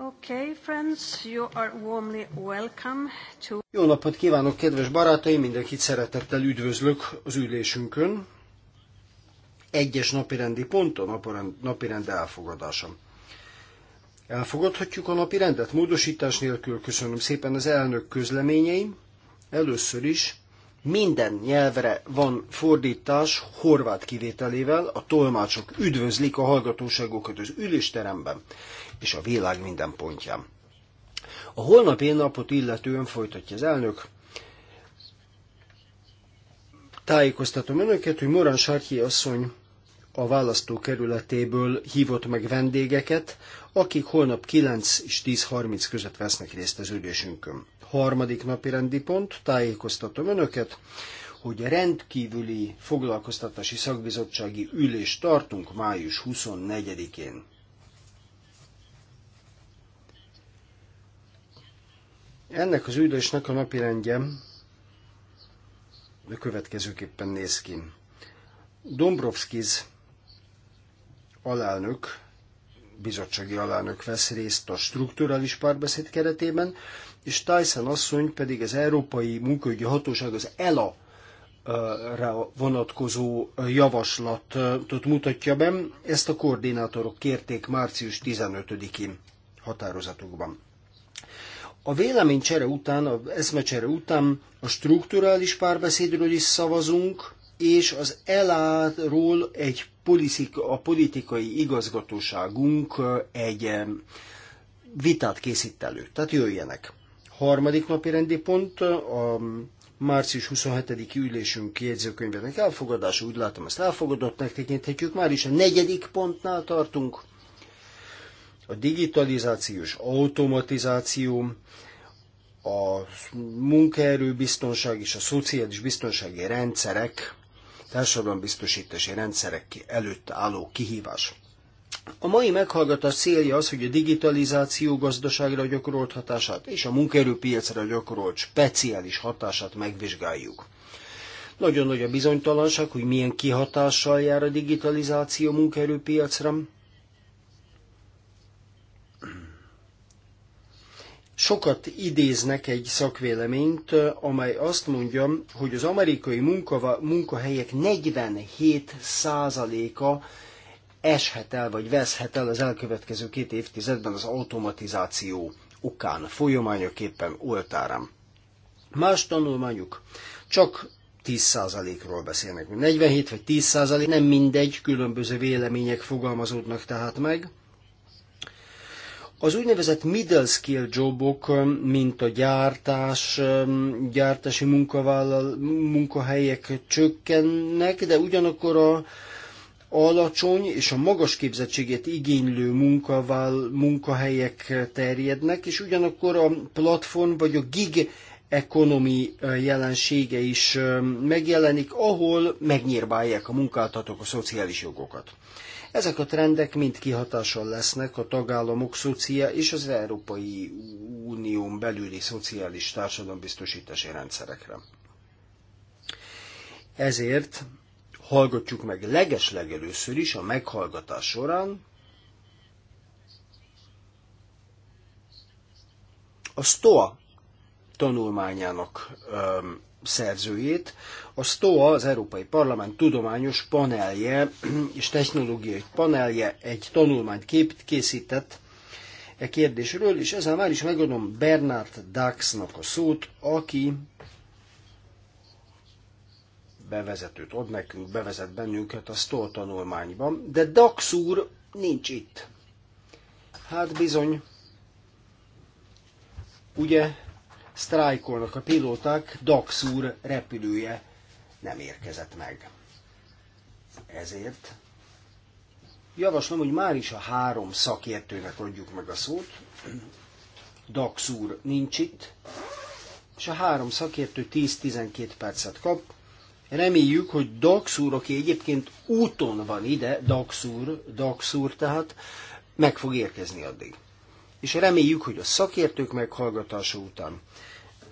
Okay, friends, you are warmly welcome to... Jó napot kívánok, kedves barátaim! Mindenkit szeretettel üdvözlök az ülésünkön. Egyes napirendi pont a napirend, napirend elfogadása. Elfogadhatjuk a napirendet módosítás nélkül. Köszönöm szépen az elnök közleményeim. Először is minden nyelvre van fordítás, horvát kivételével, a tolmácsok üdvözlik a hallgatóságokat az ülésteremben és a világ minden pontján. A holnapi napot illetően folytatja az elnök, Tájékoztatom önöket, hogy Morán Sarki asszony a választókerületéből hívott meg vendégeket, akik holnap 9 és 10.30 között vesznek részt az ülésünkön. Harmadik napi rendi pont, tájékoztatom önöket, hogy rendkívüli foglalkoztatási szakbizottsági ülést tartunk május 24-én. Ennek az ülésnek a rendje a következőképpen néz ki. Dombrovskis alelnök, bizottsági alelnök vesz részt a strukturális párbeszéd keretében, és Tyson asszony pedig az Európai Munkaügyi Hatóság, az ELA ra vonatkozó javaslatot mutatja be. Ezt a koordinátorok kérték március 15-én határozatukban. A véleménycsere után, a eszmecsere után a strukturális párbeszédről is szavazunk, és az eláról egy politika, a politikai igazgatóságunk egy vitát készít elő. Tehát jöjjenek. Harmadik napi rendi pont a március 27-i ülésünk jegyzőkönyvének elfogadása, úgy látom ezt elfogadottnak tekinthetjük, már is a negyedik pontnál tartunk, a digitalizációs automatizáció, a munkaerőbiztonság és a szociális biztonsági rendszerek, társadalombiztosítási rendszerek előtt álló kihívás. A mai meghallgatás célja az, hogy a digitalizáció gazdaságra gyakorolt hatását és a munkaerőpiacra gyakorolt speciális hatását megvizsgáljuk. Nagyon nagy a bizonytalanság, hogy milyen kihatással jár a digitalizáció munkaerőpiacra. Sokat idéznek egy szakvéleményt, amely azt mondja, hogy az amerikai munkahelyek 47%-a eshet el, vagy veszhet el az elkövetkező két évtizedben az automatizáció okán, folyamányoképpen oltárán. Más tanulmányuk csak 10%-ról beszélnek, 47 vagy 10%, nem mindegy, különböző vélemények fogalmazódnak tehát meg. Az úgynevezett middle skill jobok, mint a gyártás, gyártási munkahelyek csökkennek, de ugyanakkor a alacsony és a magas képzettséget igénylő munkavál, munkahelyek terjednek, és ugyanakkor a platform vagy a gig ekonomi jelensége is megjelenik, ahol megnyírbálják a munkáltatók a szociális jogokat. Ezek a trendek mind kihatással lesznek a tagállamok szocia és az Európai Unión belüli szociális társadalombiztosítási rendszerekre. Ezért hallgatjuk meg legeslegelőször is a meghallgatás során a STOA tanulmányának ö, szerzőjét. A STOA, az Európai Parlament tudományos panelje és technológiai panelje egy tanulmányt kép készített e kérdésről, és ezzel már is megadom Bernard Daxnak a szót, aki bevezetőt ad nekünk, bevezet bennünket a Stoll tanulmányban, de Dax úr nincs itt. Hát bizony, ugye sztrájkolnak a pilóták, Dax úr repülője nem érkezett meg. Ezért javaslom, hogy már is a három szakértőnek adjuk meg a szót. Dax úr nincs itt, és a három szakértő 10-12 percet kap, Reméljük, hogy Daxúr, aki egyébként úton van ide, Daxúr, Daxúr tehát, meg fog érkezni addig. És reméljük, hogy a szakértők meghallgatása után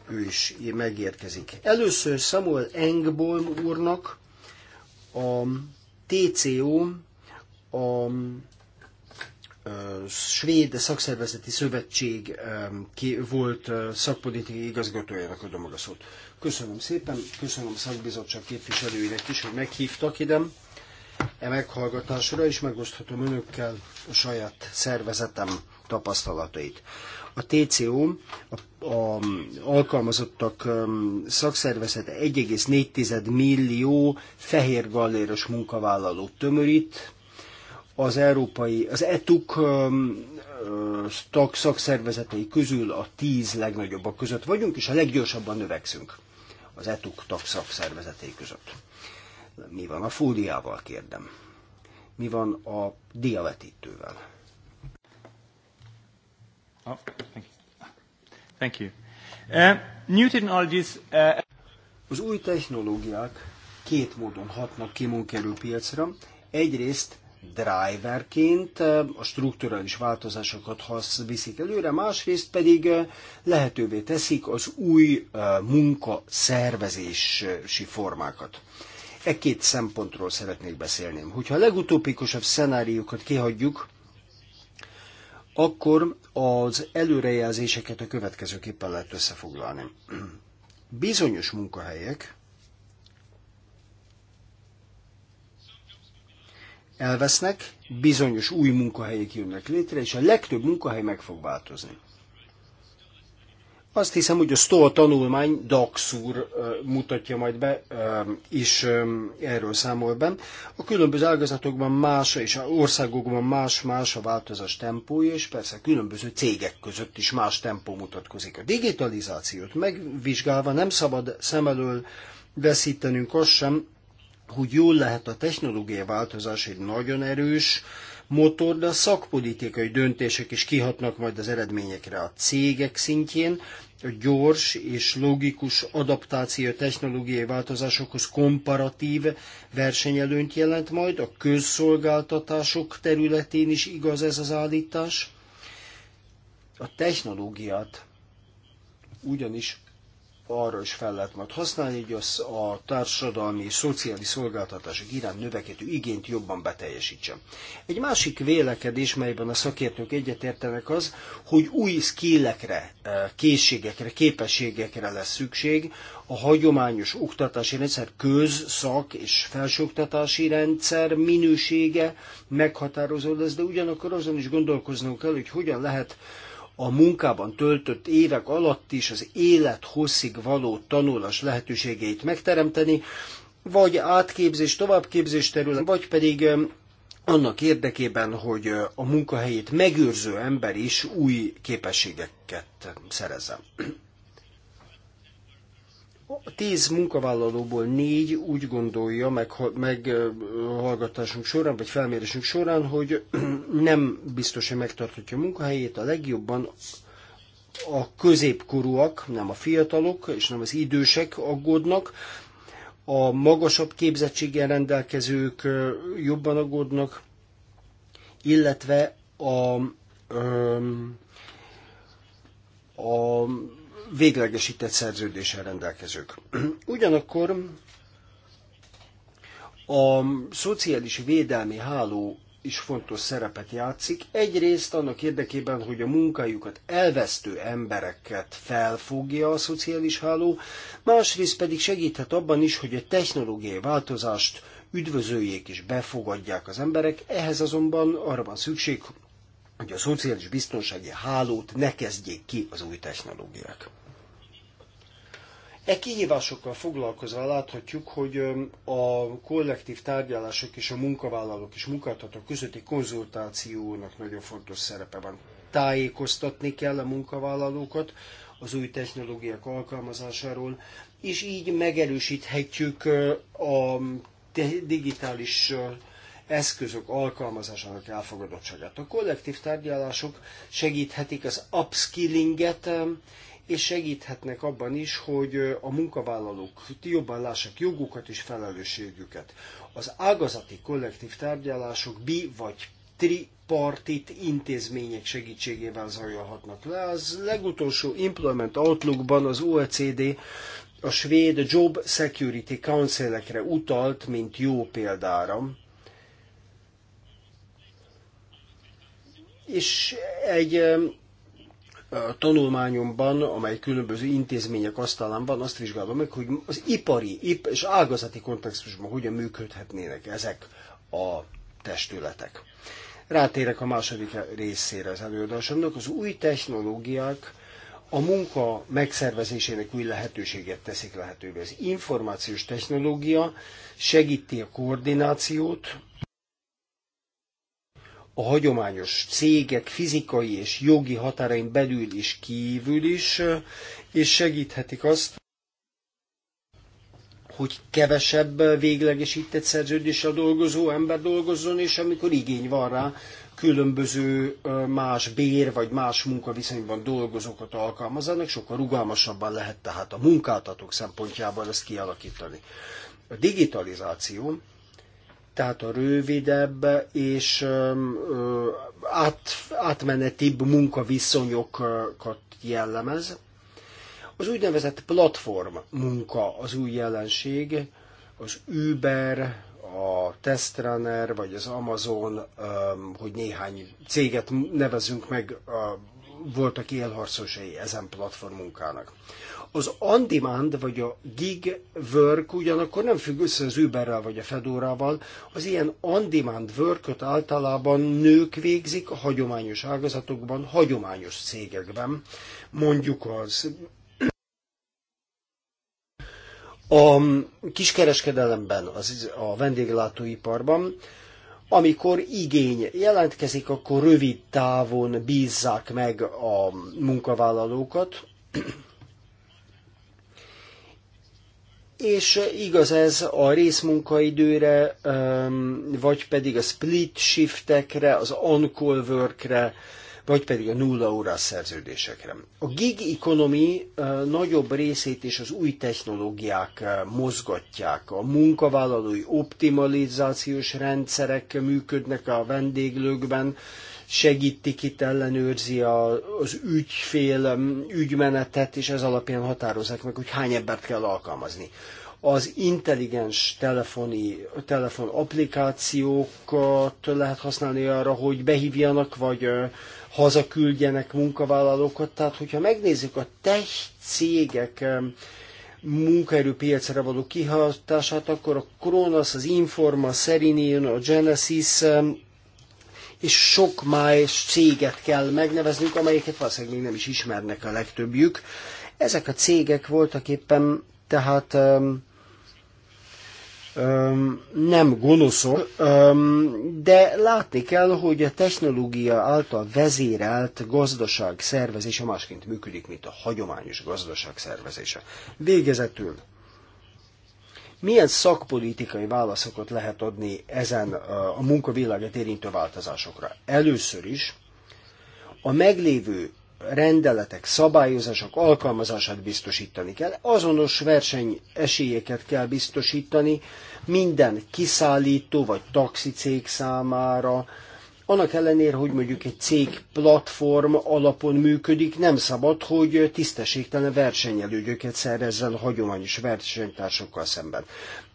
ő is megérkezik. Először Samuel Engbolm úrnak a TCO, a svéd szakszervezeti szövetség ki volt szakpolitikai igazgatójának adom a szót. Köszönöm szépen, köszönöm a szakbizottság képviselőinek is, hogy meghívtak ide e meghallgatásra, és megoszthatom önökkel a saját szervezetem tapasztalatait. A TCO, a, a alkalmazottak szakszervezete 1,4 millió fehér galléros munkavállalót tömörít, az európai, az ETUK tag szakszervezetei közül a tíz legnagyobbak között vagyunk, és a leggyorsabban növekszünk az ETUK tag szakszervezetei között. Mi van a fóliával, kérdem? Mi van a diavetítővel? Oh, thank you. Thank you. Uh, new technologies, uh... Az új technológiák két módon hatnak ki munkerőpiacra. Egyrészt driverként a strukturális változásokat hasz viszik előre, másrészt pedig lehetővé teszik az új munka szervezési formákat. E két szempontról szeretnék beszélni. Hogyha a legutópikusabb szenáriókat kihagyjuk, akkor az előrejelzéseket a következőképpen lehet összefoglalni. Bizonyos munkahelyek, elvesznek, bizonyos új munkahelyek jönnek létre, és a legtöbb munkahely meg fog változni. Azt hiszem, hogy a STOL tanulmány DAX úr mutatja majd be, és erről számol be. A különböző ágazatokban más, és a országokban más-más a változás tempója, és persze a különböző cégek között is más tempó mutatkozik. A digitalizációt megvizsgálva nem szabad szem elől veszítenünk azt sem, hogy jól lehet a technológia változás egy nagyon erős motor, de a szakpolitikai döntések is kihatnak majd az eredményekre a cégek szintjén. A gyors és logikus adaptáció technológiai változásokhoz komparatív versenyelőnyt jelent majd, a közszolgáltatások területén is igaz ez az állítás. A technológiát ugyanis arra is fel lehet majd használni, hogy az a társadalmi, szociális szolgáltatások iránt növekedő igényt jobban beteljesítsen. Egy másik vélekedés, melyben a szakértők egyetértenek az, hogy új skillekre, eh, készségekre, képességekre lesz szükség a hagyományos oktatási rendszer köz, szak és felsőoktatási rendszer minősége meghatározó lesz, de ugyanakkor azon is gondolkoznunk kell, hogy hogyan lehet a munkában töltött évek alatt is az élet hosszig való tanulás lehetőségeit megteremteni, vagy átképzés, továbbképzés terület, vagy pedig annak érdekében, hogy a munkahelyét megőrző ember is új képességeket szerezzen tíz munkavállalóból négy úgy gondolja meg, meg hallgatásunk során, vagy felmérésünk során, hogy nem biztos, hogy megtartatja a munkahelyét. A legjobban a középkorúak, nem a fiatalok, és nem az idősek aggódnak, a magasabb képzettséggel rendelkezők jobban aggódnak, illetve a, a, a véglegesített szerződéssel rendelkezők. Ugyanakkor a szociális védelmi háló is fontos szerepet játszik. Egyrészt annak érdekében, hogy a munkájukat elvesztő embereket felfogja a szociális háló, másrészt pedig segíthet abban is, hogy a technológiai változást üdvözöljék és befogadják az emberek, ehhez azonban arra van szükség, hogy a szociális biztonsági hálót ne kezdjék ki az új technológiák. E kihívásokkal foglalkozva láthatjuk, hogy a kollektív tárgyalások és a munkavállalók és munkáltatók közötti konzultációnak nagyon fontos szerepe van. Tájékoztatni kell a munkavállalókat az új technológiák alkalmazásáról, és így megerősíthetjük a digitális eszközök alkalmazásának elfogadottságát. A kollektív tárgyalások segíthetik az upskillinget, és segíthetnek abban is, hogy a munkavállalók jobban lássák jogukat és felelősségüket. Az ágazati kollektív tárgyalások bi vagy tripartit intézmények segítségével zajolhatnak le. Az legutolsó Employment Outlookban az OECD a svéd Job Security Council-ekre utalt, mint jó példára. és egy tanulmányomban, amely különböző intézmények asztalán van, azt vizsgálom meg, hogy az ipari ip és ágazati kontextusban hogyan működhetnének ezek a testületek. Rátérek a második részére az előadásomnak. Az új technológiák a munka megszervezésének új lehetőséget teszik lehetővé. Az információs technológia segíti a koordinációt, a hagyományos cégek fizikai és jogi határain belül is kívül is, és segíthetik azt, hogy kevesebb véglegesített szerződéssel dolgozó ember dolgozzon, és amikor igény van rá, különböző más bér vagy más munkaviszonyban dolgozókat alkalmazanak sokkal rugalmasabban lehet tehát a munkáltatók szempontjából ezt kialakítani. A digitalizáció tehát a rövidebb és át, átmenetibb munkaviszonyokat jellemez. Az úgynevezett platform munka az új jelenség, az Uber, a Testrunner vagy az Amazon, hogy néhány céget nevezünk meg voltak élharcosai ezen platform munkának. Az on-demand vagy a gig work ugyanakkor nem függ össze az Uberrel vagy a Fedorával, az ilyen on-demand work általában nők végzik a hagyományos ágazatokban, hagyományos cégekben, mondjuk az a kiskereskedelemben, az, a vendéglátóiparban, amikor igény jelentkezik, akkor rövid távon bízzák meg a munkavállalókat, és igaz ez a részmunkaidőre, vagy pedig a split shiftekre, az on-call workre, vagy pedig a nulla órás szerződésekre. A gig economy nagyobb részét és az új technológiák mozgatják. A munkavállalói optimalizációs rendszerek működnek a vendéglőkben, segítik itt, ellenőrzi a, az ügyfél ügymenetet, és ez alapján határozzák meg, hogy hány embert kell alkalmazni. Az intelligens telefoni, telefon applikációkat lehet használni arra, hogy behívjanak, vagy hazaküldjenek munkavállalókat. Tehát, hogyha megnézzük a tech cégek munkaerőpiacra való kihatását, akkor a Kronos, az Informa, a Serinion, a Genesis és sok más céget kell megneveznünk, amelyeket valószínűleg még nem is ismernek a legtöbbjük. Ezek a cégek voltak éppen tehát um, nem gonoszok, de látni kell, hogy a technológia által vezérelt gazdaság szervezése másként működik, mint a hagyományos gazdaság szervezése. Végezetül, milyen szakpolitikai válaszokat lehet adni ezen a munkavilágát érintő változásokra? Először is a meglévő rendeletek, szabályozások alkalmazását biztosítani kell. Azonos verseny esélyeket kell biztosítani minden kiszállító vagy taxicég számára. Annak ellenére, hogy mondjuk egy cég platform alapon működik, nem szabad, hogy tisztességtelen versenyelőgyöket szerezzen hagyományos versenytársakkal szemben.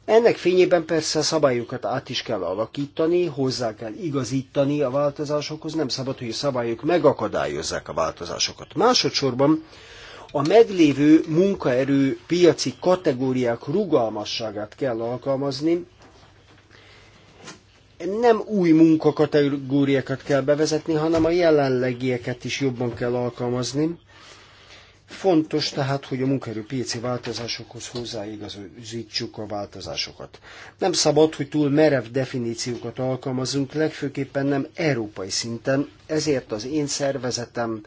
Ennek fényében persze szabályokat át is kell alakítani, hozzá kell igazítani a változásokhoz, nem szabad, hogy a szabályok megakadályozzák a változásokat. Másodszorban a meglévő munkaerő piaci kategóriák rugalmasságát kell alkalmazni, nem új munkakategóriákat kell bevezetni, hanem a jelenlegieket is jobban kell alkalmazni. Fontos tehát, hogy a piaci változásokhoz hozzáigazítsuk a változásokat. Nem szabad, hogy túl merev definíciókat alkalmazunk, legfőképpen nem európai szinten, ezért az én szervezetem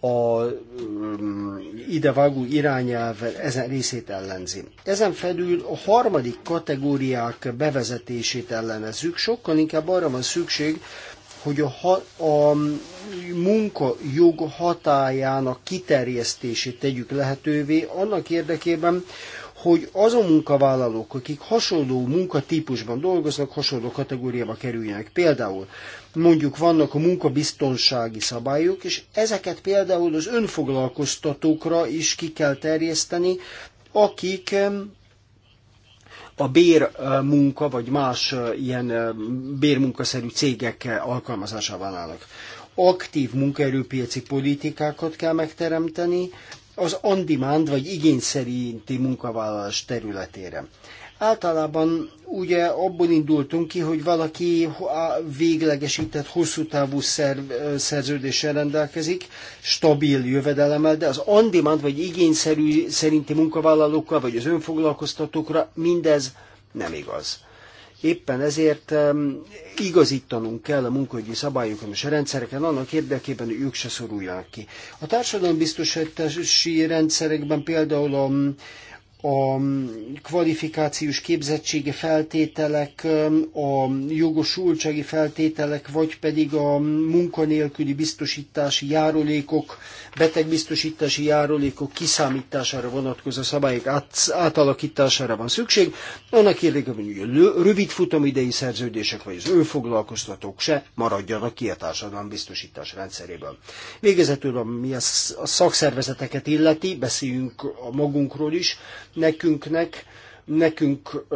a um, idevágó irányelv ezen részét ellenzi. Ezen felül a harmadik kategóriák bevezetését ellenezzük, sokkal inkább arra van szükség, hogy a, a munkajog hatájának kiterjesztését tegyük lehetővé annak érdekében, hogy azon munkavállalók, akik hasonló munkatípusban dolgoznak, hasonló kategóriába kerüljenek. Például mondjuk vannak a munkabiztonsági szabályok, és ezeket például az önfoglalkoztatókra is ki kell terjeszteni, akik a bérmunka vagy más ilyen bérmunkaszerű cégek alkalmazásában állnak aktív munkaerőpiaci politikákat kell megteremteni az on-demand vagy igényszerinti munkavállalás területére. Általában ugye abból indultunk ki, hogy valaki véglegesített hosszú távú szerv, szerződéssel rendelkezik, stabil jövedelemmel, de az on-demand vagy igényszerű szerinti munkavállalókkal vagy az önfoglalkoztatókra mindez nem igaz. Éppen ezért igazítanunk kell a munkahogyi szabályokon és a rendszereken annak érdekében, hogy ők se szoruljanak ki. A társadalombiztosítási rendszerekben például a a kvalifikációs képzettségi feltételek, a jogosultsági feltételek, vagy pedig a munkanélküli biztosítási járulékok, betegbiztosítási járulékok kiszámítására vonatkozó szabályok átalakítására van szükség. Annak érdekében, hogy a rövid futamidei szerződések vagy az önfoglalkoztatók se maradjanak ki a társadalom biztosítás rendszeréből. Végezetül, ami a szakszervezeteket illeti, beszéljünk a magunkról is, nekünknek, nekünk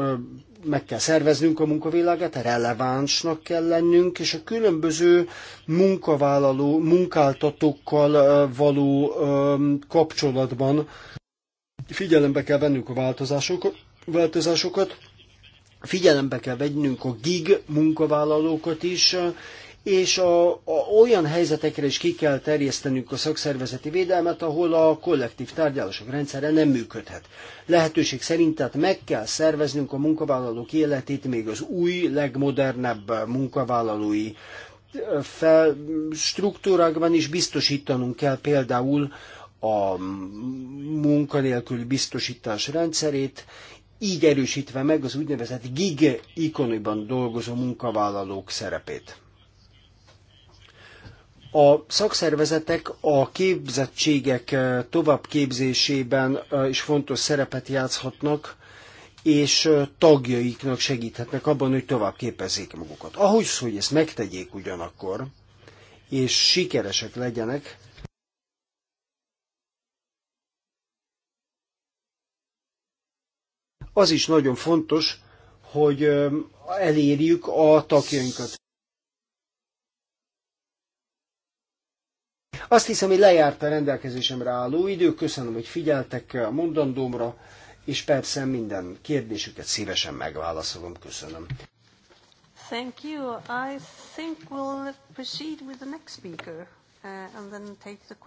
meg kell szerveznünk a munkavilágát, relevánsnak kell lennünk, és a különböző munkavállaló, munkáltatókkal való kapcsolatban figyelembe kell vennünk a változásokat, változásokat figyelembe kell vennünk a gig munkavállalókat is, és a, a, olyan helyzetekre is ki kell terjesztenünk a szakszervezeti védelmet, ahol a kollektív tárgyalások rendszere nem működhet. Lehetőség szerint tehát meg kell szerveznünk a munkavállalók életét még az új, legmodernebb munkavállalói fel, struktúrákban is biztosítanunk kell például a munkanélküli biztosítás rendszerét, így erősítve meg az úgynevezett gig ikoniban dolgozó munkavállalók szerepét. A szakszervezetek a képzettségek eh, továbbképzésében eh, is fontos szerepet játszhatnak, és eh, tagjaiknak segíthetnek abban, hogy tovább képezzék magukat. Ahhoz, hogy ezt megtegyék ugyanakkor, és sikeresek legyenek, az is nagyon fontos, hogy elérjük a tagjainkat. Azt hiszem, hogy lejárt a rendelkezésemre álló idő. Köszönöm, hogy figyeltek a mondandómra, és persze minden kérdésüket szívesen megválaszolom. Köszönöm. Thank you. I think we'll proceed with the next speaker.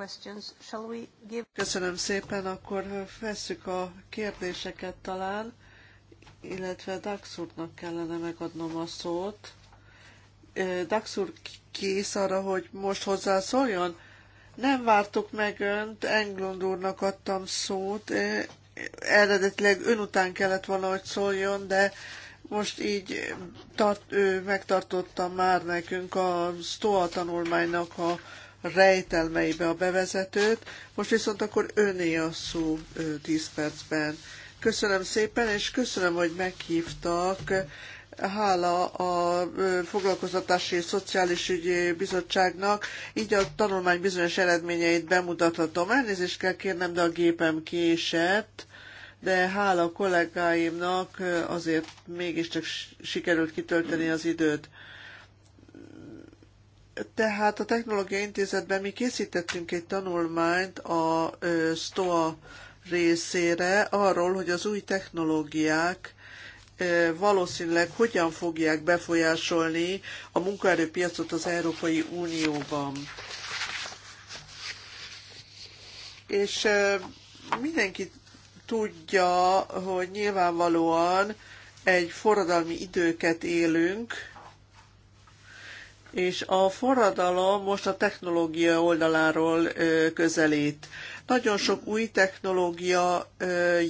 Uh, Köszönöm szépen, akkor veszük a kérdéseket talán, illetve Dax úrnak kellene megadnom a szót. Uh, Dax úr kész arra, hogy most hozzászóljon? Nem vártuk meg önt, Englund úrnak adtam szót. Eredetileg ön után kellett volna, hogy szóljon, de most így tart, ő megtartotta már nekünk a STOA tanulmánynak a rejtelmeibe a bevezetőt. Most viszont akkor öné a szó 10 percben. Köszönöm szépen, és köszönöm, hogy meghívtak hála a Foglalkoztatási és Szociális Ügyi Bizottságnak, így a tanulmány bizonyos eredményeit bemutathatom. Elnézést kell kérnem, de a gépem késett, de hála a kollégáimnak azért mégiscsak sikerült kitölteni az időt. Tehát a Technológiai Intézetben mi készítettünk egy tanulmányt a STOA részére arról, hogy az új technológiák, valószínűleg hogyan fogják befolyásolni a munkaerőpiacot az Európai Unióban. És mindenki tudja, hogy nyilvánvalóan egy forradalmi időket élünk, és a forradalom most a technológia oldaláról közelít nagyon sok új technológia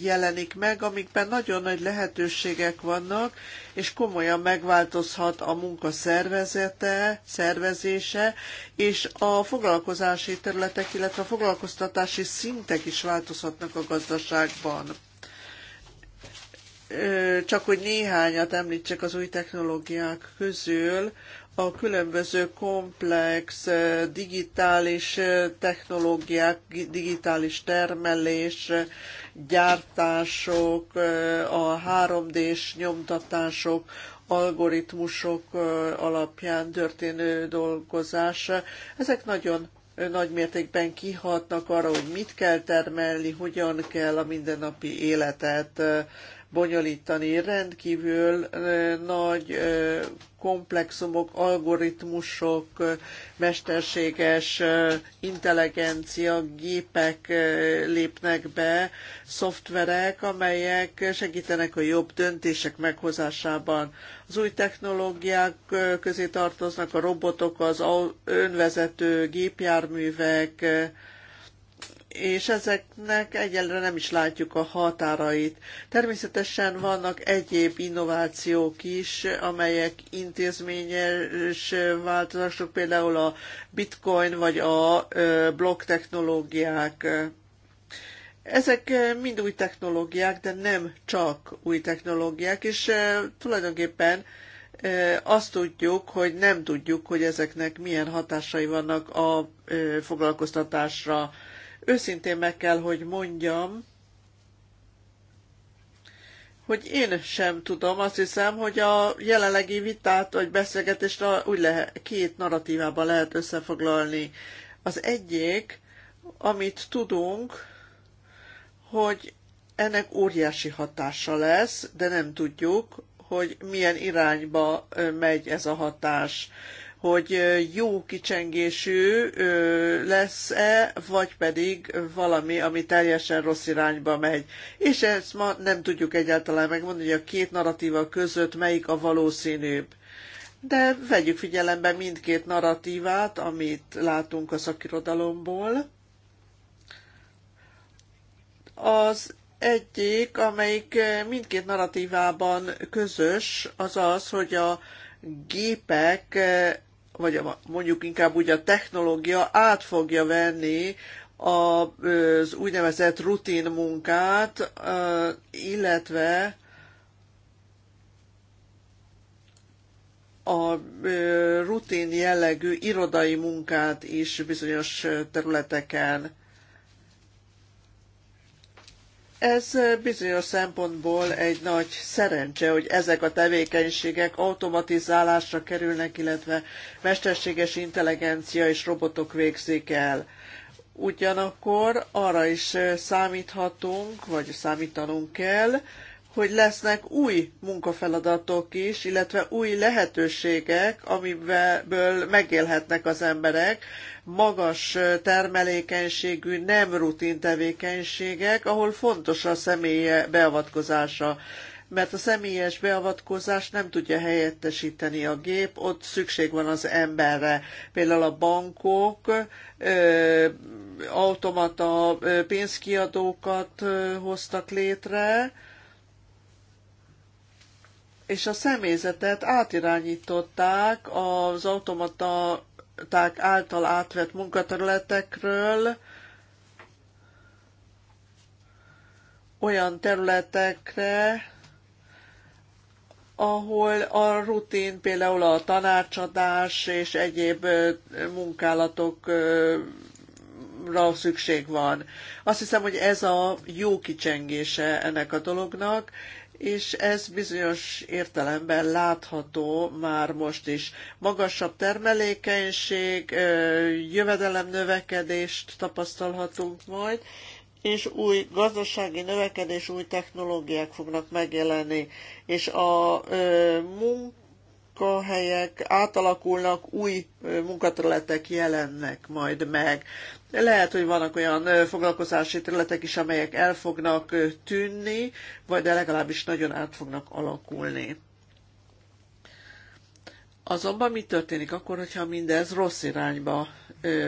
jelenik meg, amikben nagyon nagy lehetőségek vannak, és komolyan megváltozhat a munka szervezete, szervezése, és a foglalkozási területek, illetve a foglalkoztatási szintek is változhatnak a gazdaságban. Csak hogy néhányat említsek az új technológiák közül, a különböző komplex digitális technológiák, digitális termelés, gyártások, a 3D-s nyomtatások, algoritmusok alapján történő dolgozás, ezek nagyon nagy mértékben kihatnak arra, hogy mit kell termelni, hogyan kell a mindennapi életet bonyolítani. Rendkívül eh, nagy eh, komplexumok, algoritmusok, eh, mesterséges intelligencia, gépek lépnek be, szoftverek, amelyek segítenek a jobb döntések meghozásában. Az új technológiák közé tartoznak a robotok, az önvezető gépjárművek, és ezeknek egyelőre nem is látjuk a határait. Természetesen vannak egyéb innovációk is, amelyek intézményes változások, például a bitcoin vagy a blokk technológiák. Ezek mind új technológiák, de nem csak új technológiák, és tulajdonképpen azt tudjuk, hogy nem tudjuk, hogy ezeknek milyen hatásai vannak a foglalkoztatásra Őszintén meg kell, hogy mondjam, hogy én sem tudom, azt hiszem, hogy a jelenlegi vitát vagy beszélgetést úgy lehet, két narratívában lehet összefoglalni. Az egyik, amit tudunk, hogy ennek óriási hatása lesz, de nem tudjuk, hogy milyen irányba megy ez a hatás hogy jó kicsengésű lesz-e, vagy pedig valami, ami teljesen rossz irányba megy. És ezt ma nem tudjuk egyáltalán megmondani, hogy a két narratíva között melyik a valószínűbb. De vegyük figyelembe mindkét narratívát, amit látunk a szakirodalomból. Az egyik, amelyik mindkét narratívában közös, az az, hogy a gépek vagy a, mondjuk inkább úgy a technológia át fogja venni az úgynevezett rutin munkát, illetve a rutin jellegű irodai munkát is bizonyos területeken. Ez bizonyos szempontból egy nagy szerencse, hogy ezek a tevékenységek automatizálásra kerülnek, illetve mesterséges intelligencia és robotok végzik el. Ugyanakkor arra is számíthatunk, vagy számítanunk kell, hogy lesznek új munkafeladatok is, illetve új lehetőségek, amiből megélhetnek az emberek, magas termelékenységű, nem rutin tevékenységek, ahol fontos a személye beavatkozása mert a személyes beavatkozás nem tudja helyettesíteni a gép, ott szükség van az emberre. Például a bankok automata pénzkiadókat hoztak létre, és a személyzetet átirányították az automaták által átvett munkaterületekről olyan területekre, ahol a rutin, például a tanácsadás és egyéb munkálatokra szükség van. Azt hiszem, hogy ez a jó kicsengése ennek a dolognak, és ez bizonyos értelemben látható már most is. Magasabb termelékenység, jövedelem növekedést tapasztalhatunk majd, és új gazdasági növekedés, új technológiák fognak megjelenni, és a munka munkahelyek átalakulnak, új munkaterületek jelennek majd meg. Lehet, hogy vannak olyan foglalkozási területek is, amelyek el fognak tűnni, vagy de legalábbis nagyon át fognak alakulni. Azonban mi történik akkor, hogyha mindez rossz irányba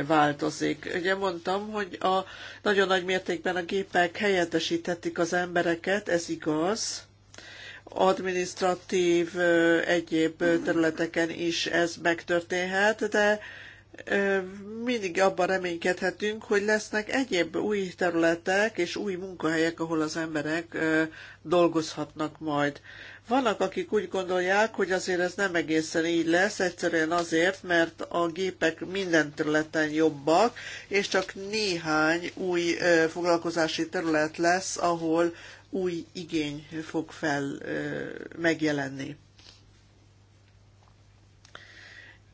változik? Ugye mondtam, hogy a nagyon nagy mértékben a gépek helyettesítették az embereket, ez igaz, administratív egyéb területeken is ez megtörténhet, de mindig abban reménykedhetünk, hogy lesznek egyéb új területek és új munkahelyek, ahol az emberek dolgozhatnak majd. Vannak, akik úgy gondolják, hogy azért ez nem egészen így lesz, egyszerűen azért, mert a gépek minden területen jobbak, és csak néhány új foglalkozási terület lesz, ahol új igény fog fel megjelenni.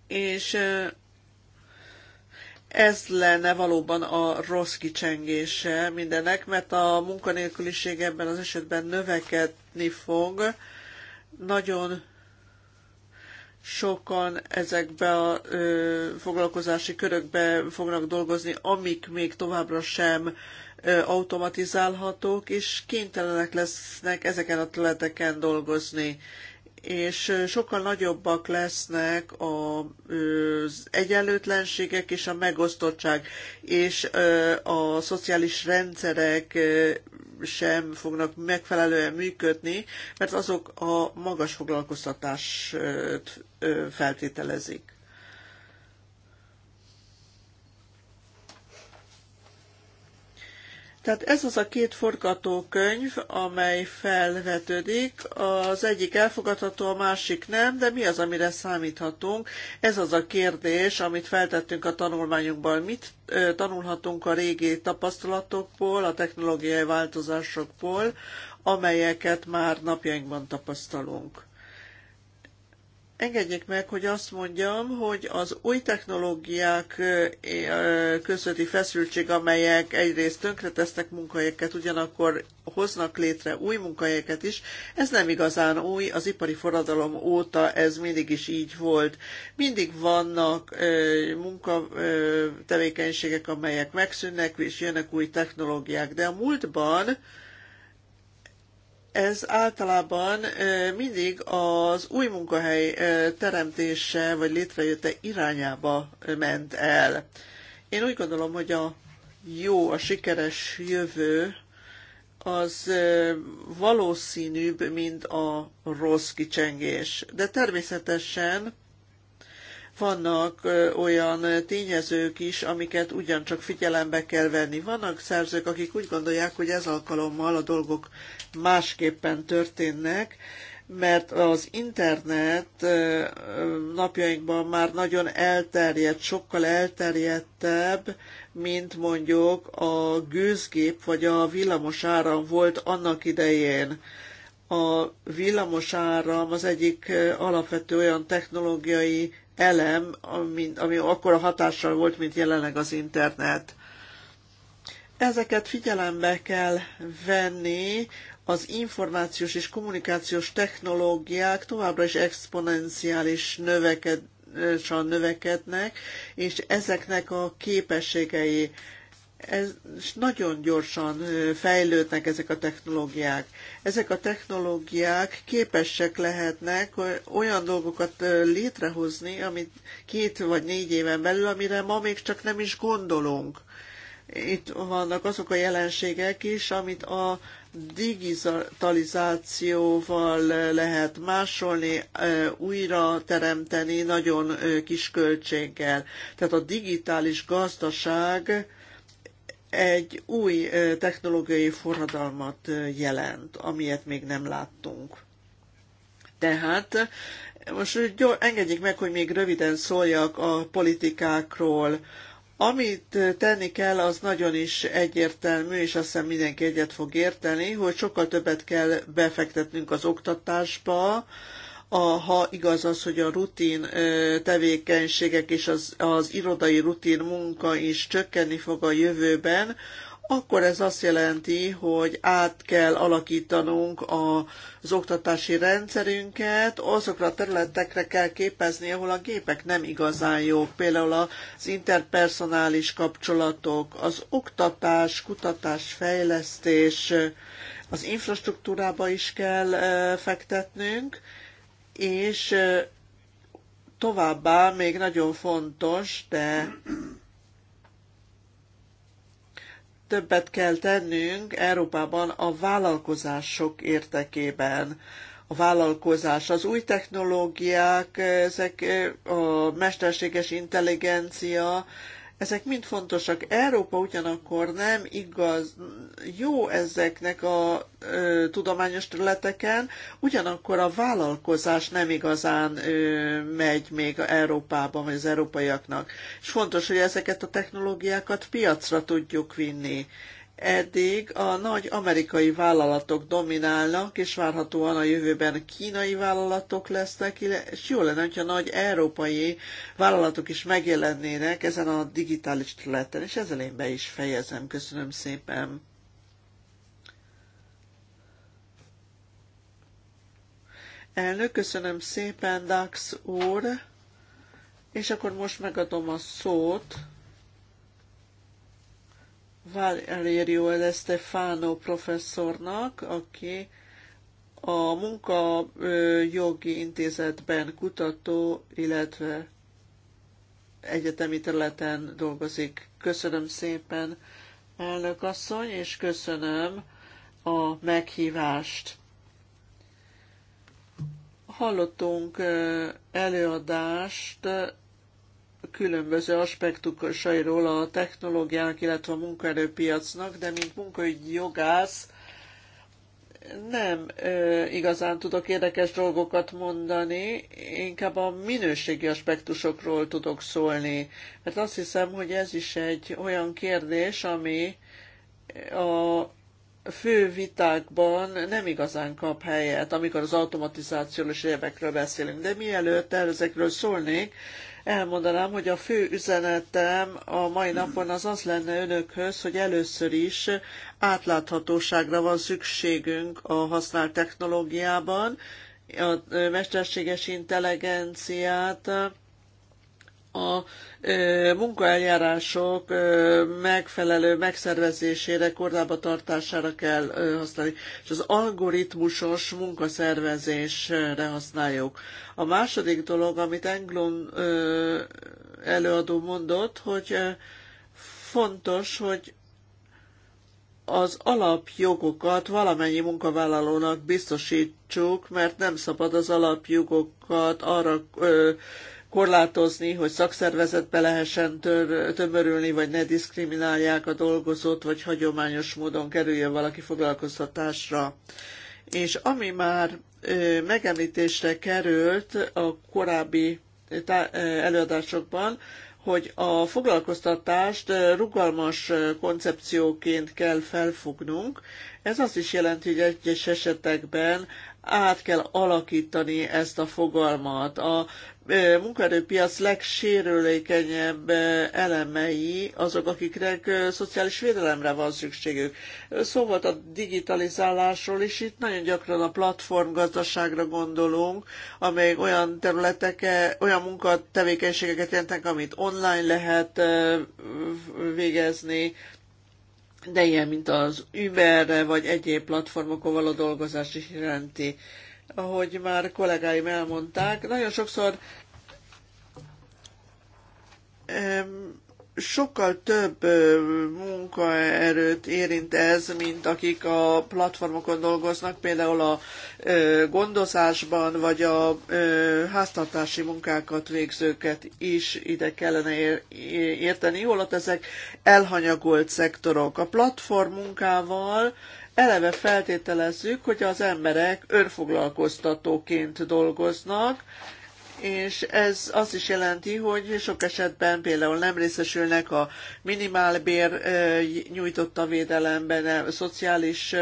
És ez lenne valóban a rossz kicsengése mindenek, mert a munkanélküliség ebben az esetben növekedni fog. Nagyon sokan ezekbe a ö, foglalkozási körökbe fognak dolgozni, amik még továbbra sem automatizálhatók, és kénytelenek lesznek ezeken a területeken dolgozni és sokkal nagyobbak lesznek az egyenlőtlenségek és a megosztottság, és a szociális rendszerek sem fognak megfelelően működni, mert azok a magas foglalkoztatást feltételezik. Tehát ez az a két forgatókönyv, amely felvetődik, az egyik elfogadható, a másik nem, de mi az, amire számíthatunk? Ez az a kérdés, amit feltettünk a tanulmányunkban. Mit ö, tanulhatunk a régi tapasztalatokból, a technológiai változásokból, amelyeket már napjainkban tapasztalunk? Engedjék meg, hogy azt mondjam, hogy az új technológiák közötti feszültség, amelyek egyrészt tönkretesznek munkahelyeket, ugyanakkor hoznak létre új munkahelyeket is, ez nem igazán új, az ipari forradalom óta ez mindig is így volt. Mindig vannak munkatevékenységek, amelyek megszűnnek, és jönnek új technológiák, de a múltban ez általában mindig az új munkahely teremtése vagy létrejötte irányába ment el. Én úgy gondolom, hogy a jó, a sikeres jövő az valószínűbb, mint a rossz kicsengés. De természetesen vannak olyan tényezők is, amiket ugyancsak figyelembe kell venni. Vannak szerzők, akik úgy gondolják, hogy ez alkalommal a dolgok másképpen történnek, mert az internet napjainkban már nagyon elterjedt, sokkal elterjedtebb, mint mondjuk a gőzgép vagy a villamos áram volt annak idején. A villamos áram az egyik alapvető olyan technológiai elem, ami, ami a hatással volt, mint jelenleg az internet. Ezeket figyelembe kell venni, az információs és kommunikációs technológiák továbbra is exponenciális növeked, növekednek, és ezeknek a képességei ez nagyon gyorsan fejlődnek ezek a technológiák. Ezek a technológiák képesek lehetnek olyan dolgokat létrehozni, amit két vagy négy éven belül, amire ma még csak nem is gondolunk. Itt vannak azok a jelenségek is, amit a digitalizációval lehet másolni, újra teremteni nagyon kis költséggel. Tehát a digitális gazdaság egy új technológiai forradalmat jelent, amilyet még nem láttunk. Tehát most engedjék meg, hogy még röviden szóljak a politikákról. Amit tenni kell, az nagyon is egyértelmű, és azt hiszem mindenki egyet fog érteni, hogy sokkal többet kell befektetnünk az oktatásba, a, ha igaz az, hogy a rutin tevékenységek és az, az irodai rutin munka is csökkenni fog a jövőben, akkor ez azt jelenti, hogy át kell alakítanunk az oktatási rendszerünket, azokra a területekre kell képezni, ahol a gépek nem igazán jók, például az interpersonális kapcsolatok, az oktatás, kutatás, fejlesztés, az infrastruktúrába is kell fektetnünk, és továbbá még nagyon fontos, de többet kell tennünk Európában a vállalkozások értekében. A vállalkozás, az új technológiák, ezek a mesterséges intelligencia, ezek mind fontosak. Európa ugyanakkor nem igaz, jó ezeknek a ö, tudományos területeken, ugyanakkor a vállalkozás nem igazán ö, megy még Európában, vagy az európaiaknak. És fontos, hogy ezeket a technológiákat piacra tudjuk vinni eddig a nagy amerikai vállalatok dominálnak, és várhatóan a jövőben kínai vállalatok lesznek, és jó lenne, hogyha nagy európai vállalatok is megjelennének ezen a digitális területen, és ezzel én be is fejezem. Köszönöm szépen! Elnök, köszönöm szépen, Dax úr, és akkor most megadom a szót. Valerio de Stefano professzornak, aki a munkajogi intézetben kutató, illetve egyetemi területen dolgozik. Köszönöm szépen, elnök asszony, és köszönöm a meghívást. Hallottunk eh, előadást különböző aspektusairól a technológiának, illetve a munkaerőpiacnak, de mint munkaügyi jogász nem ö, igazán tudok érdekes dolgokat mondani, inkább a minőségi aspektusokról tudok szólni. Mert azt hiszem, hogy ez is egy olyan kérdés, ami a fő vitákban nem igazán kap helyet, amikor az automatizációs évekről beszélünk. De mielőtt ezekről szólnék, elmondanám, hogy a fő üzenetem a mai napon az az lenne önökhöz, hogy először is átláthatóságra van szükségünk a használt technológiában, a mesterséges intelligenciát, a munkaeljárások megfelelő megszervezésére, kordába tartására kell használni, és az algoritmusos munkaszervezésre használjuk. A második dolog, amit Englon előadó mondott, hogy fontos, hogy az alapjogokat valamennyi munkavállalónak biztosítsuk, mert nem szabad az alapjogokat arra ö, korlátozni, hogy szakszervezetbe lehessen tör, tömörülni, vagy ne diszkriminálják a dolgozót, vagy hagyományos módon kerüljön valaki foglalkoztatásra. És ami már ö, megemlítésre került a korábbi előadásokban, hogy a foglalkoztatást rugalmas koncepcióként kell felfognunk. Ez azt is jelenti, hogy egyes esetekben át kell alakítani ezt a fogalmat. A munkaerőpiac legsérülékenyebb eh, elemei azok, akiknek eh, szociális védelemre van szükségük. Szó volt a digitalizálásról is, itt nagyon gyakran a platformgazdaságra gondolunk, amely olyan területeke, olyan munkatevékenységeket jelentek, amit online lehet eh, végezni, de ilyen, mint az Uberre vagy egyéb platformokon való dolgozás is jelenti ahogy már kollégáim elmondták, nagyon sokszor sokkal több munkaerőt érint ez, mint akik a platformokon dolgoznak, például a gondozásban, vagy a háztartási munkákat végzőket is ide kellene érteni, ott ezek elhanyagolt szektorok. A platform munkával eleve feltételezzük, hogy az emberek önfoglalkoztatóként dolgoznak, és ez azt is jelenti, hogy sok esetben például nem részesülnek a minimálbér nyújtotta védelemben, a szociális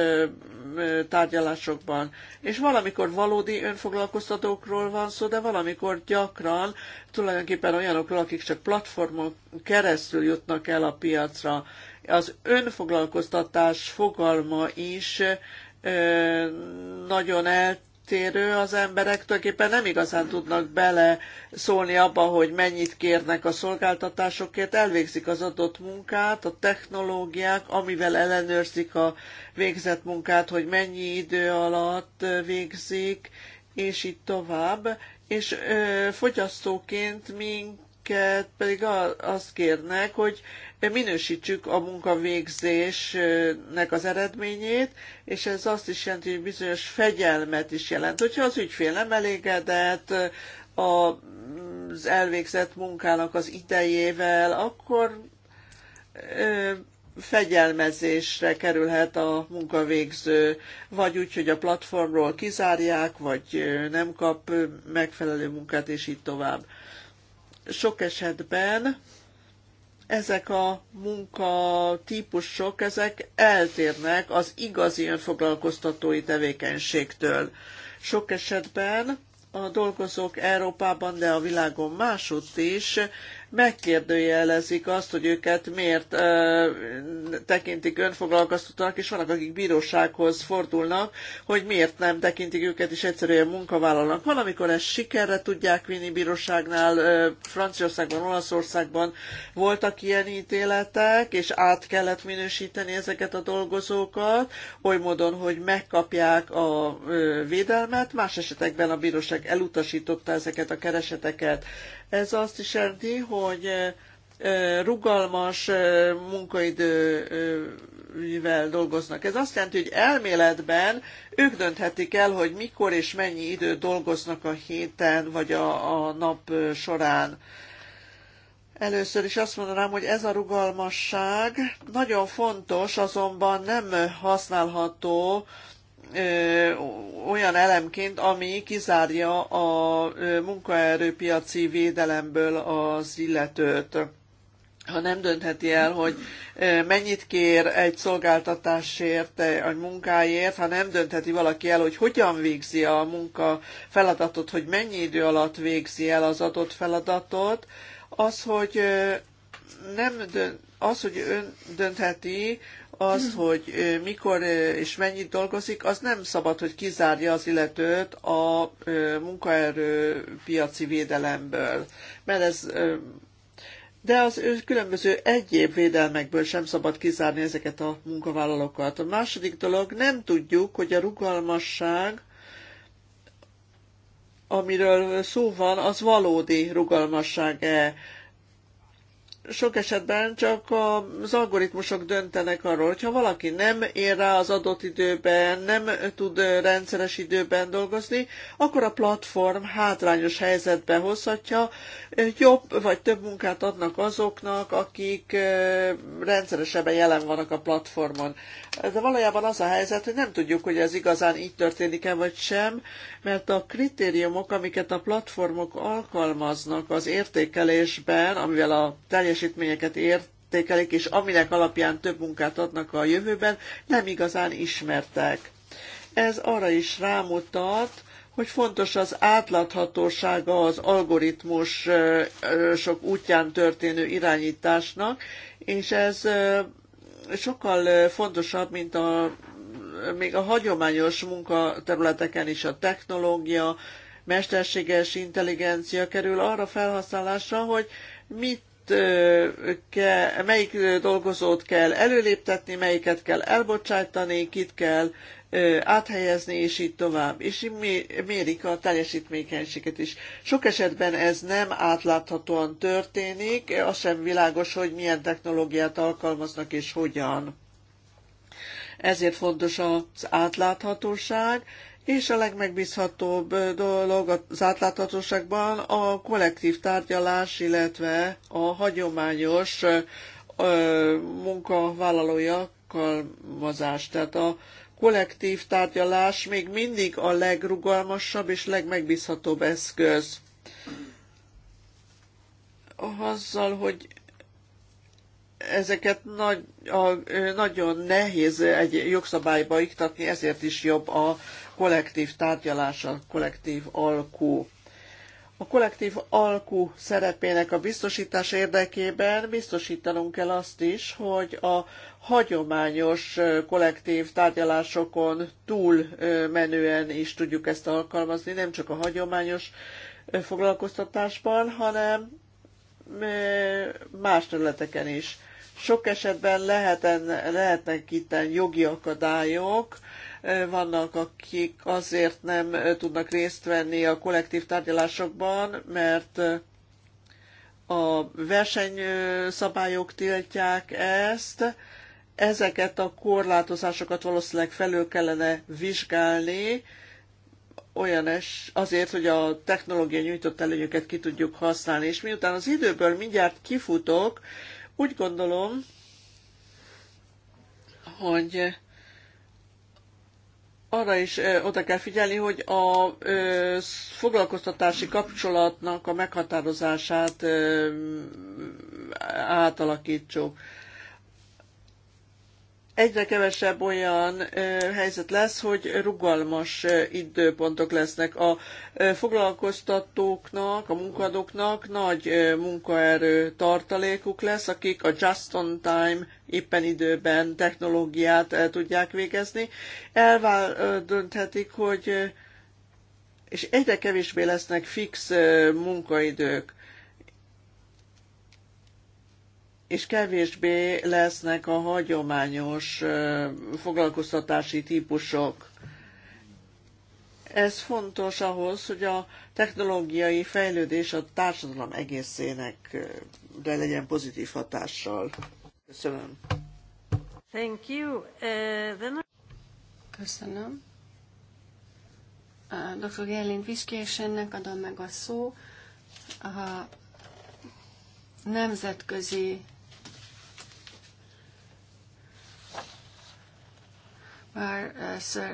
tárgyalásokban. És valamikor valódi önfoglalkoztatókról van szó, de valamikor gyakran tulajdonképpen olyanokról, akik csak platformon keresztül jutnak el a piacra az önfoglalkoztatás fogalma is nagyon el eltérő, az emberek tulajdonképpen nem igazán tudnak bele szólni abba, hogy mennyit kérnek a szolgáltatásokért, elvégzik az adott munkát, a technológiák, amivel ellenőrzik a végzett munkát, hogy mennyi idő alatt végzik, és így tovább. És ö, fogyasztóként mink minket pedig azt kérnek, hogy minősítsük a munkavégzésnek az eredményét, és ez azt is jelenti, hogy bizonyos fegyelmet is jelent. Hogyha az ügyfél nem elégedett az elvégzett munkának az idejével, akkor fegyelmezésre kerülhet a munkavégző, vagy úgy, hogy a platformról kizárják, vagy nem kap megfelelő munkát, és így tovább sok esetben ezek a munkatípusok, ezek eltérnek az igazi önfoglalkoztatói tevékenységtől. Sok esetben a dolgozók Európában, de a világon másutt is megkérdőjelezik azt, hogy őket miért ö, tekintik önfoglalkoztatónak, és vannak, akik bírósághoz fordulnak, hogy miért nem tekintik őket, és egyszerűen munkavállalnak. Valamikor ezt sikerre tudják vinni bíróságnál, ö, Franciaországban, Olaszországban voltak ilyen ítéletek, és át kellett minősíteni ezeket a dolgozókat, oly módon, hogy megkapják a védelmet, más esetekben a bíróság elutasította ezeket a kereseteket. Ez azt is jelenti, hogy rugalmas munkaidővel dolgoznak. Ez azt jelenti, hogy elméletben ők dönthetik el, hogy mikor és mennyi időt dolgoznak a héten vagy a, a nap során. Először is azt mondanám, hogy ez a rugalmasság nagyon fontos, azonban nem használható olyan elemként, ami kizárja a munkaerőpiaci védelemből az illetőt ha nem döntheti el, hogy mennyit kér egy szolgáltatásért, egy munkáért, ha nem döntheti valaki el, hogy hogyan végzi a munka feladatot, hogy mennyi idő alatt végzi el az adott feladatot, az, hogy nem dönt, az, hogy ön döntheti, az, hogy mikor és mennyit dolgozik, az nem szabad, hogy kizárja az illetőt a munkaerő piaci védelemből, mert ez de az különböző egyéb védelmekből sem szabad kizárni ezeket a munkavállalókat. A második dolog, nem tudjuk, hogy a rugalmasság, amiről szó van, az valódi rugalmasság-e sok esetben csak az algoritmusok döntenek arról, hogyha valaki nem ér rá az adott időben, nem tud rendszeres időben dolgozni, akkor a platform hátrányos helyzetbe hozhatja, jobb vagy több munkát adnak azoknak, akik rendszeresebben jelen vannak a platformon. De valójában az a helyzet, hogy nem tudjuk, hogy ez igazán így történik-e vagy sem, mert a kritériumok, amiket a platformok alkalmaznak az értékelésben, amivel a teljes teljesítményeket értékelik, és aminek alapján több munkát adnak a jövőben, nem igazán ismertek. Ez arra is rámutat, hogy fontos az átláthatósága az algoritmus sok útján történő irányításnak, és ez sokkal fontosabb, mint a, még a hagyományos munkaterületeken is a technológia, mesterséges intelligencia kerül arra felhasználásra, hogy mit melyik dolgozót kell előléptetni, melyiket kell elbocsájtani, kit kell áthelyezni, és így tovább. És mérik a teljesítménykenységet is. Sok esetben ez nem átláthatóan történik, az sem világos, hogy milyen technológiát alkalmaznak és hogyan. Ezért fontos az átláthatóság, és a legmegbízhatóbb dolog az átláthatóságban a kollektív tárgyalás, illetve a hagyományos munkavállalói alkalmazás. Tehát a kollektív tárgyalás még mindig a legrugalmasabb és legmegbízhatóbb eszköz. Azzal, hogy ezeket nagy, a, nagyon nehéz egy jogszabályba iktatni, ezért is jobb a kollektív tárgyalása, kollektív alkú. A kollektív alkú szerepének a biztosítás érdekében biztosítanunk kell azt is, hogy a hagyományos kollektív tárgyalásokon túl menően is tudjuk ezt alkalmazni, nem csak a hagyományos foglalkoztatásban, hanem más területeken is. Sok esetben lehetnek itten jogi akadályok, vannak, akik azért nem tudnak részt venni a kollektív tárgyalásokban, mert a versenyszabályok tiltják ezt, ezeket a korlátozásokat valószínűleg felül kellene vizsgálni, olyan es, azért, hogy a technológia nyújtott előnyöket ki tudjuk használni. És miután az időből mindjárt kifutok, úgy gondolom, hogy arra is oda kell figyelni, hogy a foglalkoztatási kapcsolatnak a meghatározását átalakítsuk egyre kevesebb olyan helyzet lesz, hogy rugalmas időpontok lesznek. A foglalkoztatóknak, a munkadóknak nagy munkaerő tartalékuk lesz, akik a just on time éppen időben technológiát el tudják végezni. Elvál dönthetik, hogy és egyre kevésbé lesznek fix munkaidők. és kevésbé lesznek a hagyományos foglalkoztatási típusok. Ez fontos ahhoz, hogy a technológiai fejlődés a társadalom egészének de legyen pozitív hatással. Köszönöm. Thank you. Uh, then... Köszönöm. A dr. Gerlin Viskésennek adom meg a szó. A nemzetközi bár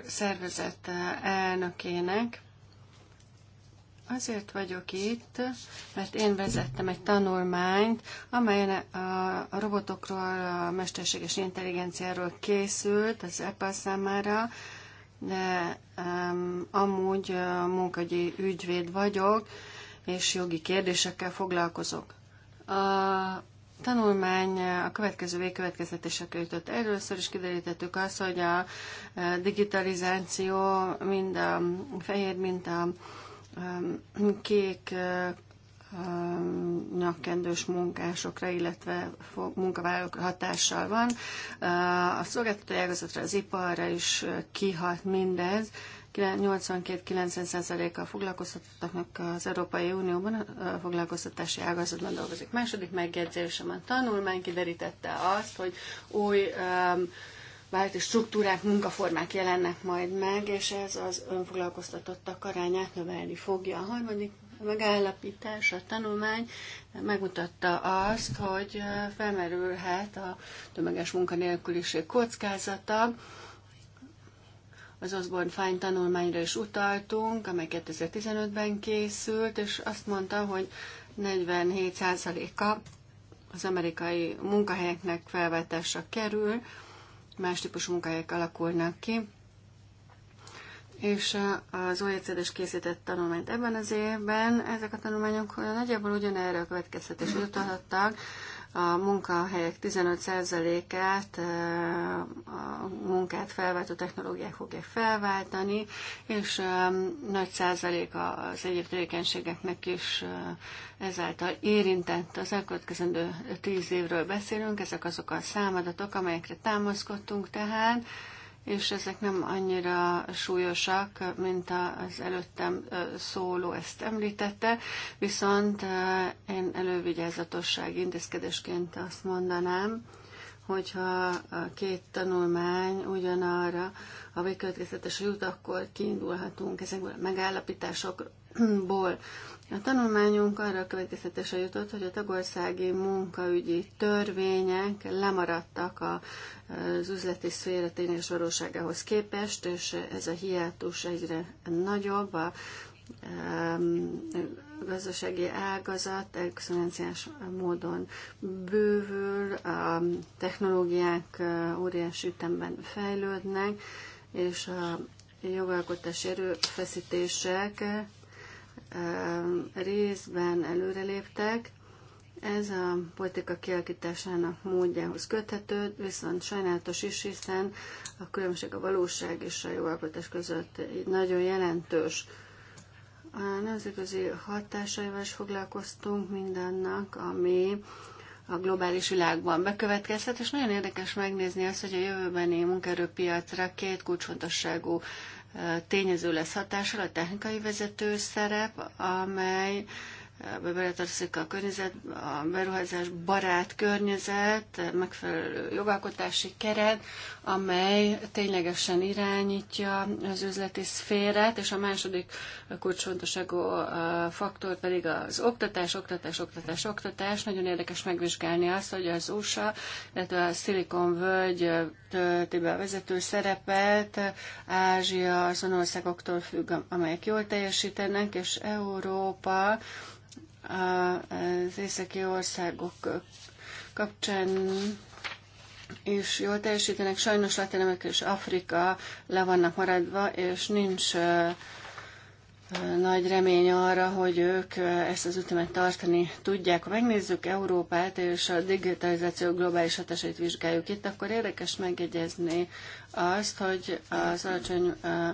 szervezet elnökének. Azért vagyok itt, mert én vezettem egy tanulmányt, amelyen a robotokról, a mesterséges intelligenciáról készült az EPA számára, de um, amúgy uh, munkagyi ügyvéd vagyok, és jogi kérdésekkel foglalkozok. A tanulmány a következő végkövetkezetésre költött. Először is kiderítettük azt, hogy a e, digitalizáció mind a fehér, mint a e, kék e, nyakkendős munkásokra, illetve munkavállalókra hatással van. A szolgáltatói ágazatra, az iparra is kihat mindez, 82-90%-a foglalkoztatottaknak az Európai Unióban a foglalkoztatási ágazatban dolgozik. Második megjegyzésem a tanulmány kiderítette azt, hogy új um, változó struktúrák, munkaformák jelennek majd meg, és ez az önfoglalkoztatottak arányát növelni fogja. A harmadik megállapítás, a tanulmány megmutatta azt, hogy uh, felmerülhet a tömeges munkanélküliség kockázata, az Osborne Fine tanulmányra is utaltunk, amely 2015-ben készült, és azt mondta, hogy 47%-a az amerikai munkahelyeknek felváltásra kerül, más típusú munkahelyek alakulnak ki. És eh, az oecd is készített tanulmányt ebben az évben, ezek a tanulmányok nagyjából ugyanerre a következtetésre jutottak, a munkahelyek 15%-át a munkát felváltó technológiák fogják felváltani, és nagy százalék az egyéb tevékenységeknek is ezáltal érintett. Az elkövetkezendő 10 évről beszélünk, ezek azok a számadatok, amelyekre támaszkodtunk tehát, és ezek nem annyira súlyosak, mint az előttem szóló ezt említette, viszont én elővigyázatosság intézkedésként azt mondanám, hogyha két tanulmány ugyanarra a végkövetkezetes jut, akkor kiindulhatunk ezekből a megállapításokból. A tanulmányunk arra a következetesre jutott, hogy a tagországi munkaügyi törvények lemaradtak a az üzleti szféra tényleges valóságához képest, és ez a hiátus egyre nagyobb, a gazdasági ágazat exponenciás módon bővül, a technológiák óriási ütemben fejlődnek, és a jogalkotás erőfeszítések részben előreléptek, ez a politika kialakításának módjához köthető, viszont sajnálatos is, hiszen a különbség a valóság és a jogalkotás között nagyon jelentős. A nemzetközi hatásaival is foglalkoztunk mindannak, ami a globális világban bekövetkezhet, és nagyon érdekes megnézni azt, hogy a jövőbeni munkaerőpiacra két kulcsfontosságú tényező lesz hatással, a technikai vezető szerep, amely beletartozik a környezet, a beruházás barát környezet, megfelelő jogalkotási keret, amely ténylegesen irányítja az üzleti szférát, és a második kulcsfontosságú faktor pedig az oktatás, oktatás, oktatás, oktatás. Nagyon érdekes megvizsgálni azt, hogy az USA, illetve a Silicon völgy tölti be a vezető szerepet, Ázsia azon országoktól függ, amelyek jól teljesítenek, és Európa az északi országok kapcsán és jól teljesítenek. Sajnos Latin Amerika és Afrika le vannak maradva, és nincs nagy remény arra, hogy ők eh, ezt az ütemet tartani tudják. Ha megnézzük Európát és a digitalizáció globális hatásait vizsgáljuk itt, akkor érdekes megjegyezni azt, hogy az alacsony eh,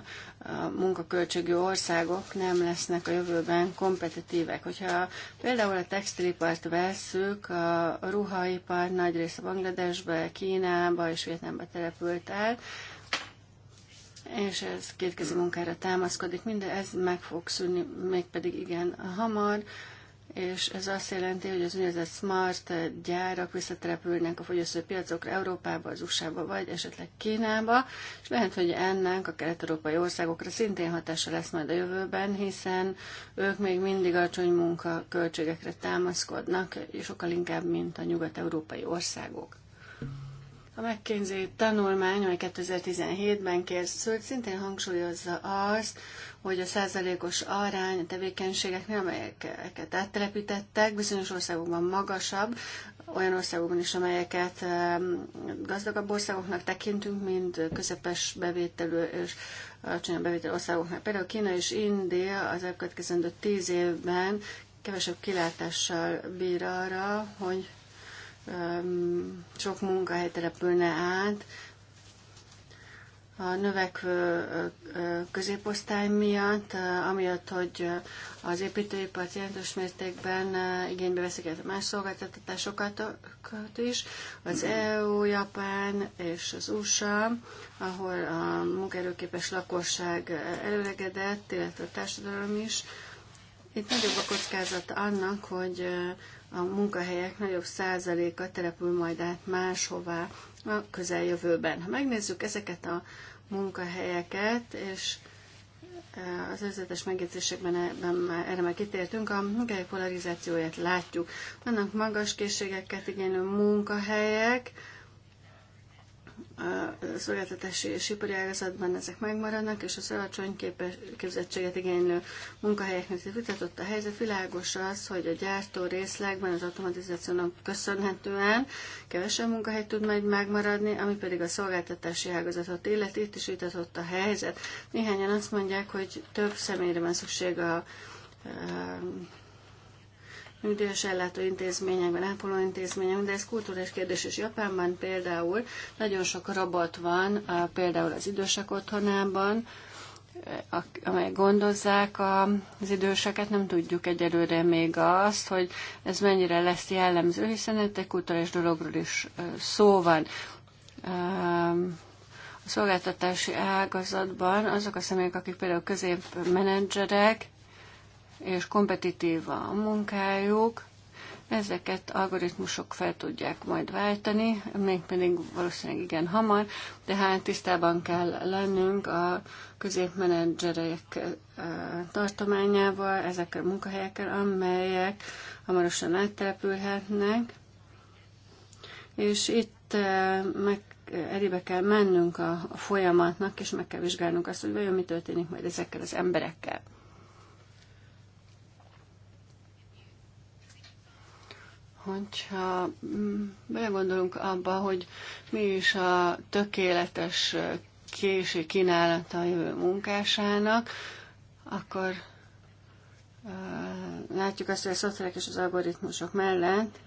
munkaköltségű országok nem lesznek a jövőben kompetitívek. Hogyha például a textilipart vesszük, a ruhaipar nagy része Bangladesbe, Kínába és Vietnámba települt el, és ez kétkezi munkára támaszkodik. Minden ez meg fog szűnni, mégpedig igen hamar, és ez azt jelenti, hogy az úgynevezett smart gyárak visszatrepülnek a fogyasztói piacokra Európába, az usa vagy esetleg Kínába, és lehet, hogy ennek a kelet-európai országokra szintén hatása lesz majd a jövőben, hiszen ők még mindig alacsony munkaköltségekre támaszkodnak, és sokkal inkább, mint a nyugat-európai országok. A McKinsey tanulmány, amely 2017-ben készült, szintén hangsúlyozza azt, hogy a százalékos arány a tevékenységeknél, amelyeket áttelepítettek, bizonyos országokban magasabb, olyan országokban is, amelyeket gazdagabb országoknak tekintünk, mint közepes bevételű és alacsonyabb bevételű országoknak. Például Kína és India az elkövetkezendő tíz évben kevesebb kilátással bír arra, hogy sok munkahely települne át. A növekvő középosztály miatt, amiatt, hogy az építőipar jelentős mértékben igénybe veszik a más szolgáltatásokat is, az EU, Japán és az USA, ahol a munkaerőképes lakosság előregedett, illetve a társadalom is, itt nagyobb a kockázat annak, hogy a munkahelyek nagyobb százaléka települ majd át máshová a közeljövőben. Ha megnézzük ezeket a munkahelyeket, és e, az előzetes megjegyzésekben ebben már, erre már kitértünk, a munkahelyek polarizációját látjuk. Vannak magas készségeket igénylő munkahelyek, a szolgáltatási és ipari ágazatban ezek megmaradnak, és az alacsony képzettséget igénylő munkahelyeknek vitatott a helyzet. Világos az, hogy a gyártó részlegben az automatizációnak köszönhetően kevesebb munkahely tud majd megmaradni, ami pedig a szolgáltatási ágazatot illeti, itt is vitatott a helyzet. Néhányan azt mondják, hogy több személyre van szükség a nyugdíjas ellátó intézményekben, ápoló intézményekben, de ez kultúrás kérdés is Japánban például. Nagyon sok rabat van, például az idősek otthonában, amelyek gondozzák az időseket, nem tudjuk egyelőre még azt, hogy ez mennyire lesz jellemző, hiszen itt egy kultúrás dologról is szó van. A szolgáltatási ágazatban azok a személyek, akik például középmenedzserek, és kompetitív a munkájuk, ezeket algoritmusok fel tudják majd váltani, mégpedig valószínűleg igen hamar, de hát tisztában kell lennünk a középmenedzserek tartományával, ezekkel a munkahelyekkel, amelyek hamarosan áttelepülhetnek, és itt meg elébe kell mennünk a, a folyamatnak, és meg kell vizsgálnunk azt, hogy vajon mi történik majd ezekkel az emberekkel. hogyha mm, belegondolunk abba, hogy mi is a tökéletes késő kínálata a jövő munkásának, akkor látjuk azt, hogy a szoftverek és az algoritmusok mellett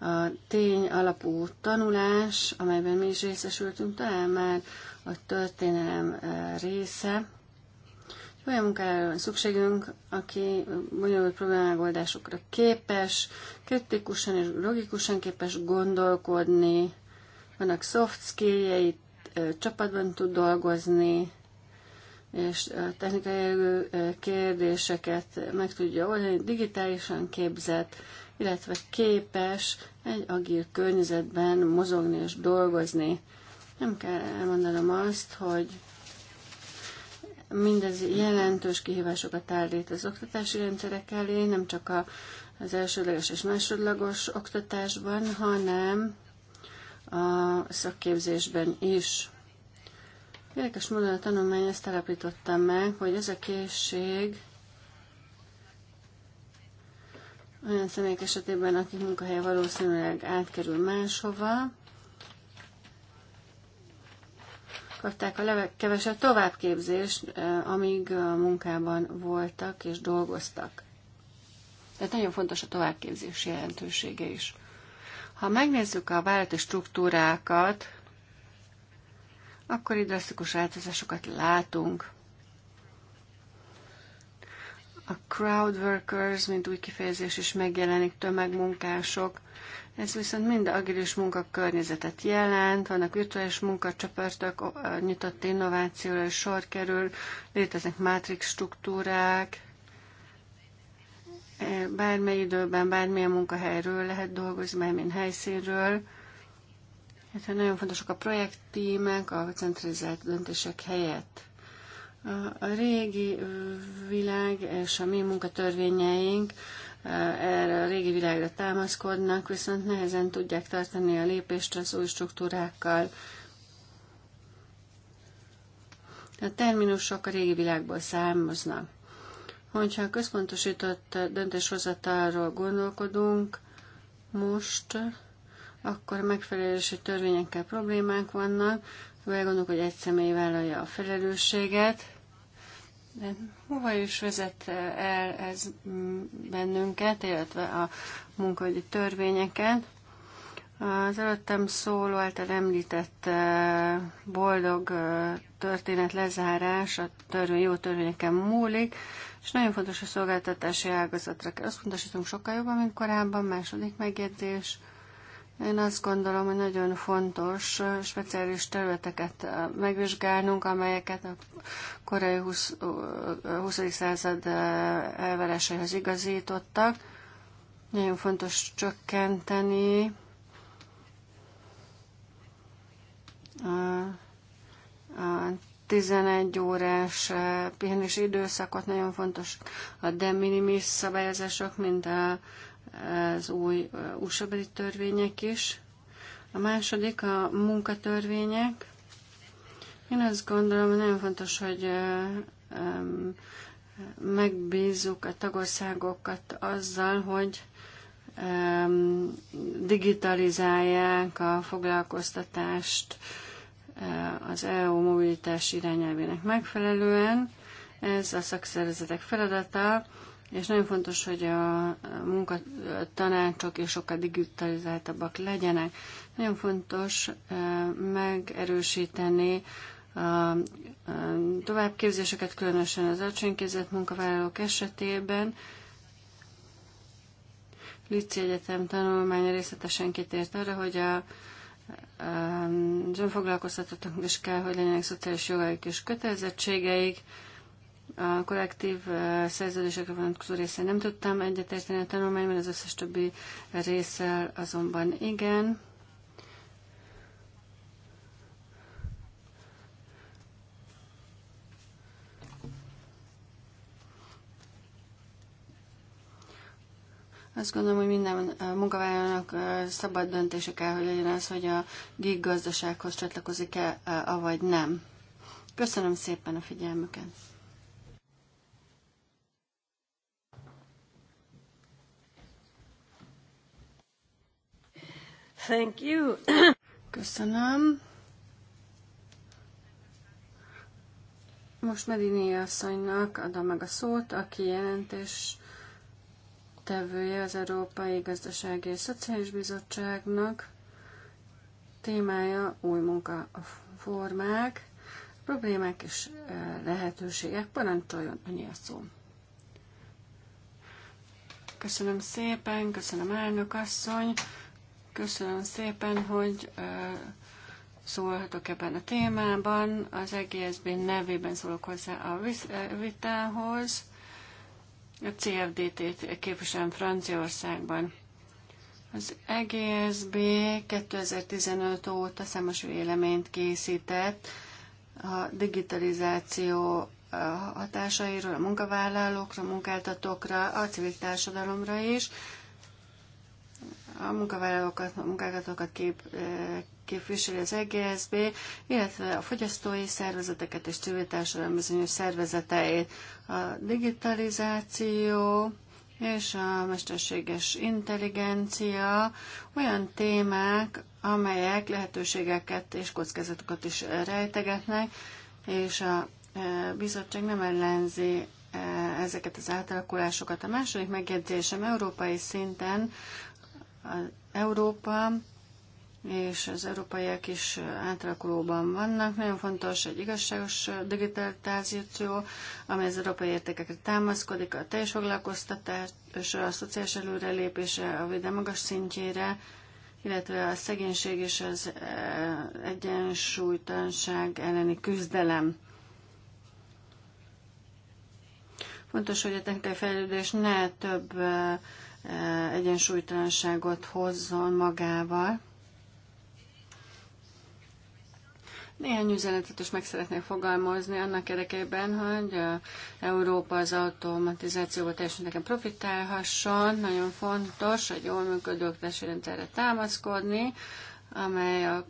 a tény alapú tanulás, amelyben mi is részesültünk, talán már a történelem része, olyan munkára van szükségünk, aki bonyolult problémágoldásokra képes, kritikusan és logikusan képes gondolkodni, vannak soft skilljei, csapatban tud dolgozni, és technikai kérdéseket meg tudja oldani, digitálisan képzett, illetve képes egy agil környezetben mozogni és dolgozni. Nem kell elmondanom azt, hogy Mindez jelentős kihívásokat állít az oktatási rendszerek elé, nem csak a, az elsődleges és másodlagos oktatásban, hanem a szakképzésben is. Érdekes módon a tanulmány ezt állapította meg, hogy ez a készség olyan személyek esetében, akik munkahelye valószínűleg átkerül máshova, kapták a legkevesebb továbbképzést, eh, amíg eh, munkában voltak és dolgoztak. Tehát nagyon fontos a továbbképzés jelentősége is. Ha megnézzük a vállalati struktúrákat, akkor itt drasztikus változásokat látunk. A crowd workers, mint új kifejezés is megjelenik, tömegmunkások, ez viszont mind agilis munkakörnyezetet jelent, vannak virtuális munkacsoportok, nyitott innovációra is sor kerül, léteznek matrix struktúrák, bármely időben, bármilyen munkahelyről lehet dolgozni, bármilyen helyszínről. Hát nagyon fontosak a projekttímek, a centralizált döntések helyett. A régi világ és a mi munkatörvényeink erre a régi világra támaszkodnak, viszont nehezen tudják tartani a lépést az új struktúrákkal. A terminusok a régi világból származnak. Hogyha a központosított döntéshozatalról gondolkodunk most, akkor megfelelési törvényekkel problémák vannak, vagy elgondolunk, hogy egy személy vállalja a felelősséget, de hova is vezet el ez bennünket, illetve a munkahogyi törvényeket? Az előttem szóló által említett eh, boldog eh, történet lezárás a törvény, jó törvényeken múlik, és nagyon fontos a szolgáltatási ágazatra kell. Azt fontosítunk sokkal jobban, mint korábban, második megjegyzés – én azt gondolom, hogy nagyon fontos speciális területeket megvizsgálnunk, amelyeket a korai 20. század elvárásaihoz igazítottak. Nagyon fontos csökkenteni a 11 órás pihenés időszakot, nagyon fontos a de minimis szabályozások, mint a az új usa törvények is. A második a munkatörvények. Én azt gondolom, hogy nagyon fontos, hogy megbízzuk a tagországokat azzal, hogy digitalizálják a foglalkoztatást az EU mobilitás irányelvének megfelelően. Ez a szakszervezetek feladata, és nagyon fontos, hogy a munkatanácsok és sokkal digitalizáltabbak legyenek. Nagyon fontos megerősíteni a továbbképzéseket, különösen az alacsonyképzett munkavállalók esetében. Lici Egyetem tanulmánya részletesen kitért arra, hogy a, az önfoglalkoztatottak is kell, hogy legyenek szociális jogaik és kötelezettségeik, a kollektív szerződésekre vonatkozó része nem tudtam egyetérteni a tanulmányban, az összes többi részsel azonban igen. Azt gondolom, hogy minden munkavállalónak szabad döntése kell, hogy legyen az, hogy a gig gazdasághoz csatlakozik-e, avagy nem. Köszönöm szépen a figyelmüket! Thank you. Köszönöm. Most Medini asszonynak adom meg a szót, aki jelentés tevője az Európai Gazdasági és Szociális Bizottságnak. Témája új munkaformák, problémák és lehetőségek. Parancsoljon, annyi a szó. Köszönöm szépen, köszönöm elnök asszony. Köszönöm szépen, hogy szólhatok ebben a témában. Az EGSB nevében szólok hozzá a vitához. A CFDT-t képviselem Franciaországban. Az EGSB 2015 óta számos véleményt készített a digitalizáció hatásairól, a munkavállalókra, a munkáltatókra, a civil társadalomra is, a munkavállalókat, a munkáltatókat kép, képviseli az EGSB, illetve a fogyasztói szervezeteket és civil társadalom bizonyos szervezeteit. A digitalizáció és a mesterséges intelligencia olyan témák, amelyek lehetőségeket és kockázatokat is rejtegetnek, és a bizottság nem ellenzi ezeket az átalakulásokat. A második megjegyzésem európai szinten az Európa és az európaiak is átalakulóban vannak. Nagyon fontos egy igazságos digitalizáció, amely az európai értékekre támaszkodik, a teljes és a szociális előrelépése, a védelem magas szintjére, illetve a szegénység és az eh, egyensúlytanság elleni küzdelem. Fontos, hogy a technikai fejlődés ne több egyensúlytalanságot hozzon magával. Néhány üzenetet is meg szeretnék fogalmazni annak érdekében, hogy Európa az automatizációval teljesen nekem profitálhasson. Nagyon fontos egy jól működő oktatási rendszerre támaszkodni, amely a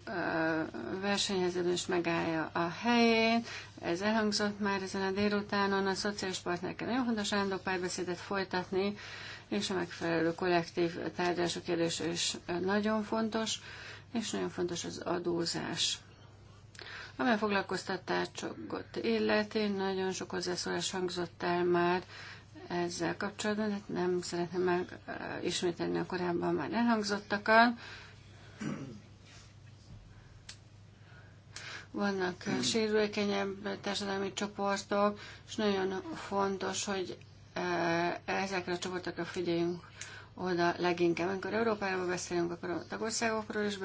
versenyhezedős megállja a helyét. Ez elhangzott már ezen a délutánon. A szociális partnerekkel nagyon fontos állandó párbeszédet folytatni, és a megfelelő kollektív tárgyalások kérdése is nagyon fontos, és nagyon fontos az adózás. Ami a foglalkoztatásokat illeti, nagyon sok hozzászólás hangzott el már ezzel kapcsolatban, de nem szeretném megismételni, ismételni a korábban már elhangzottakat vannak sérülékenyebb társadalmi csoportok, és nagyon fontos, hogy ezekre a csoportokra figyeljünk oda leginkább. Amikor Európáról beszélünk, akkor a tagországokról is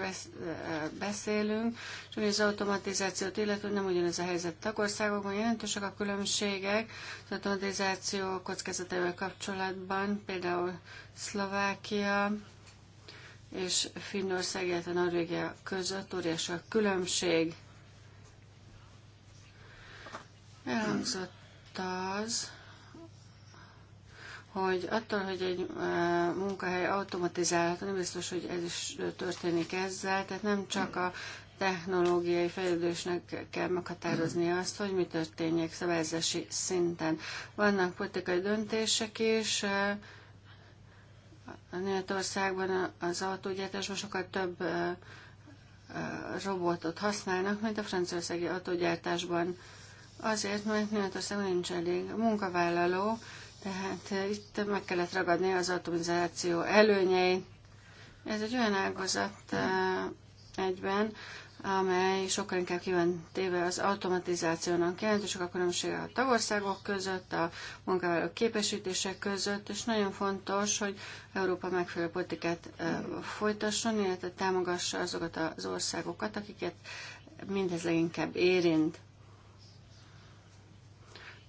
beszélünk, és az automatizációt illetve nem ugyanez a helyzet tagországokban, jelentősek a különbségek az automatizáció kockázatával kapcsolatban, például Szlovákia és Finnország, illetve Norvégia között óriási a különbség. Elhangzott az, hogy attól, hogy egy munkahely automatizálható, nem biztos, hogy ez is történik ezzel, tehát nem csak a technológiai fejlődésnek kell meghatározni azt, hogy mi történjék szabályozási szinten. Vannak politikai döntések is, a Németországban az most sokkal több robotot használnak, mint a franciaországi autógyártásban. Azért, mert Németországban nincs elég munkavállaló, tehát eh, itt meg kellett ragadni az atomizáció előnyeit. Ez egy olyan ágazat eh, egyben, amely sokkal inkább kíván téve az automatizációnak. Jelentősek a különbség a tagországok között, a munkavállalók képesítések között, és nagyon fontos, hogy Európa megfelelő politikát eh, folytasson, illetve támogassa azokat az országokat, akiket mindez leginkább érint.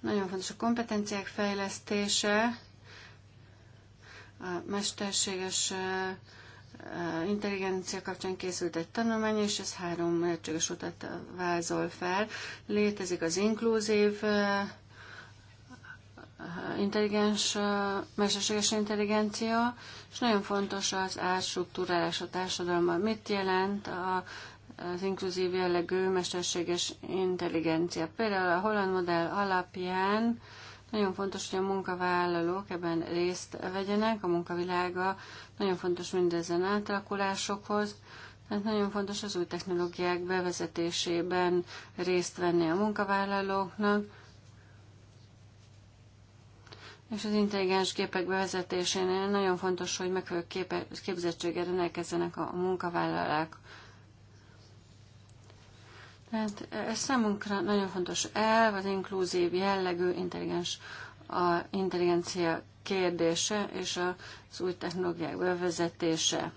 Nagyon fontos a kompetenciák fejlesztése, a mesterséges intelligencia kapcsán készült egy tanulmány, és ez három lehetséges utat vázol fel. Létezik az inkluzív intelligens, mesterséges intelligencia, és nagyon fontos az átstruktúrálás a társadalomban. Mit jelent a az inkluzív jellegű mesterséges intelligencia. Például a holland modell alapján nagyon fontos, hogy a munkavállalók ebben részt vegyenek, a munkavilága nagyon fontos mindezen átalakulásokhoz, tehát nagyon fontos az új technológiák bevezetésében részt venni a munkavállalóknak, és az intelligens képek bevezetésénél nagyon fontos, hogy megfelelő képzettséggel rendelkezzenek a munkavállalák. Hát e, ez számunkra nagyon fontos elv, az inkluzív jellegű intelligens a intelligencia kérdése és az új technológiák bevezetése.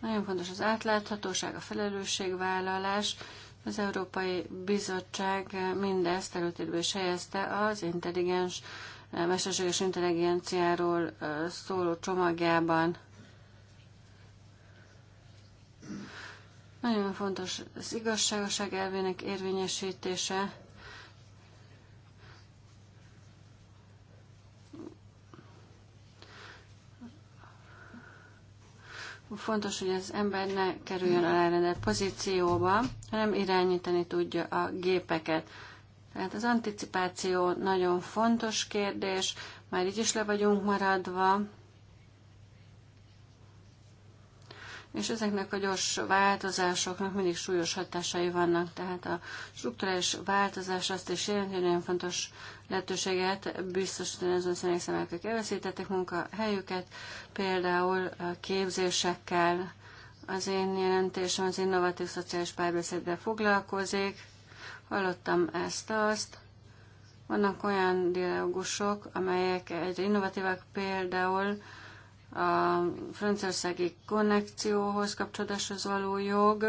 Nagyon fontos az átláthatóság, a felelősségvállalás. Az Európai Bizottság mindezt előtérbe is helyezte az intelligens, mesterséges intelligenciáról e, szóló csomagjában. Nagyon fontos az igazságoság elvének érvényesítése. Fontos, hogy az ember ne kerüljön alárendelt pozícióba, hanem irányítani tudja a gépeket. Tehát az anticipáció nagyon fontos kérdés, már így is le vagyunk maradva. és ezeknek a gyors változásoknak mindig súlyos hatásai vannak, tehát a strukturális változás azt is jelenti, hogy nagyon fontos lehetőséget biztosítani azon személyek számára, akik elveszítettek munkahelyüket, például képzésekkel. Az én jelentésem az innovatív szociális párbeszéddel foglalkozik, hallottam ezt-azt, vannak olyan dialógusok, amelyek egyre innovatívak, például a franciaországi konnekcióhoz az való jog,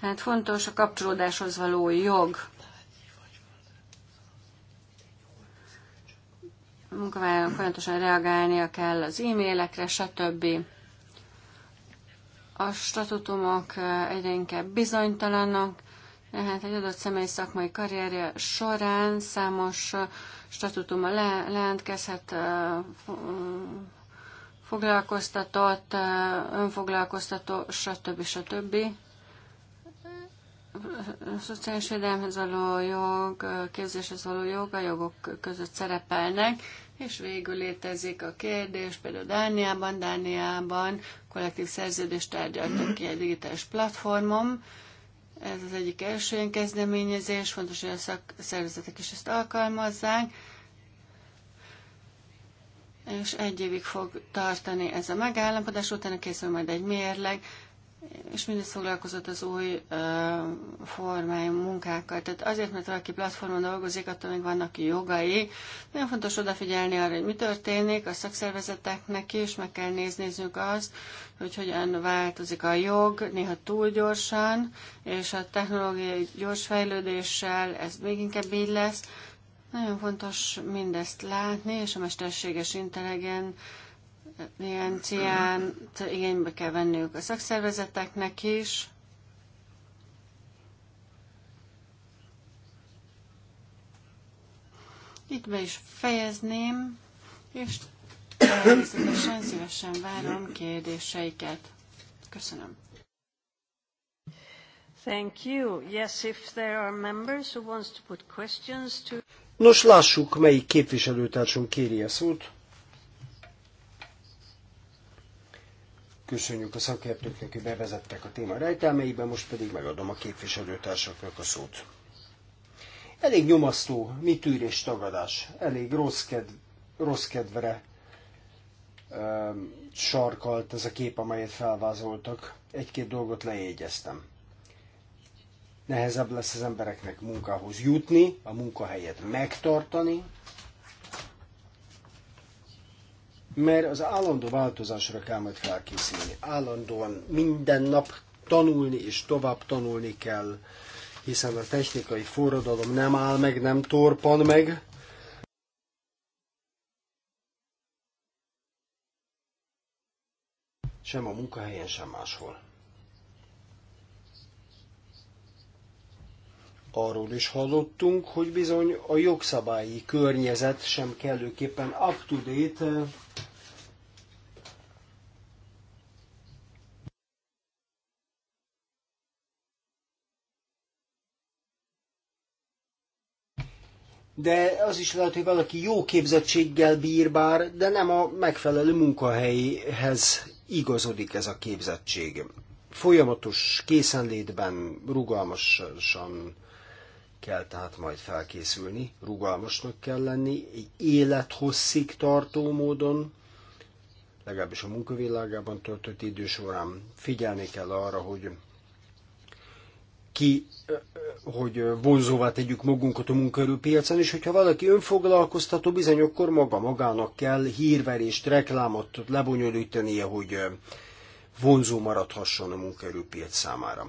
Hát fontos a kapcsolódáshoz való jog. A munkavállalók folyamatosan reagálnia kell az e-mailekre, stb. A statutumok egyre inkább bizonytalanok, tehát egy adott személy szakmai karrierje során számos uh, statutuma leentkezhet uh, uh, foglalkoztatott, önfoglalkoztató, stb. stb. A szociális védelemhez való jog, képzéshez való jog a jogok között szerepelnek, és végül létezik a kérdés, például Dániában, Dániában kollektív szerződést tárgyaltak ki egy digitális platformon, ez az egyik első ilyen kezdeményezés, fontos, hogy a szakszervezetek is ezt alkalmazzák, és egy évig fog tartani ez a megállapodás, utána készül majd egy mérleg, és mindez foglalkozott az új ö, formájú munkákkal. Tehát azért, mert valaki platformon dolgozik, attól még vannak jogai. Nagyon fontos odafigyelni arra, hogy mi történik, a szakszervezeteknek is meg kell nézniük azt, hogy hogyan változik a jog, néha túl gyorsan, és a technológiai gyors fejlődéssel ez még inkább így lesz. Nagyon fontos mindezt látni, és a mesterséges intelligencia cián igénybe kell venniük a szakszervezeteknek is. Itt be is fejezném, és természetesen szívesen várom kérdéseiket. Köszönöm. Thank you. Yes, if there are members who wants to put questions to... Nos, lássuk, melyik képviselőtársunk kéri a szót. Köszönjük a szakértőknek, hogy bevezettek a téma rejtelmeibe, most pedig megadom a képviselőtársaknak a szót. Elég nyomasztó, mitűrés tagadás, elég rossz, kedv, rossz kedvere um, sarkalt ez a kép, amelyet felvázoltak. Egy-két dolgot lejegyeztem. Nehezebb lesz az embereknek munkához jutni, a munkahelyet megtartani, mert az állandó változásra kell majd felkészülni. Állandóan minden nap tanulni és tovább tanulni kell, hiszen a technikai forradalom nem áll meg, nem torpan meg, sem a munkahelyen, sem máshol. Arról is hallottunk, hogy bizony a jogszabályi környezet sem kellőképpen up-to-date, eh, de az is lehet, hogy valaki jó képzettséggel bír bár, de nem a megfelelő munkahelyhez igazodik ez a képzettség. Folyamatos készenlétben rugalmasan kell tehát majd felkészülni, rugalmasnak kell lenni, egy élethosszig tartó módon, legalábbis a munkavilágában töltött idő során figyelni kell arra, hogy ki hogy vonzóvá tegyük magunkat a munkaerőpiacon, és hogyha valaki önfoglalkoztató, bizony akkor maga magának kell hírverést, reklámot lebonyolítania, hogy vonzó maradhasson a munkaerőpiac számára.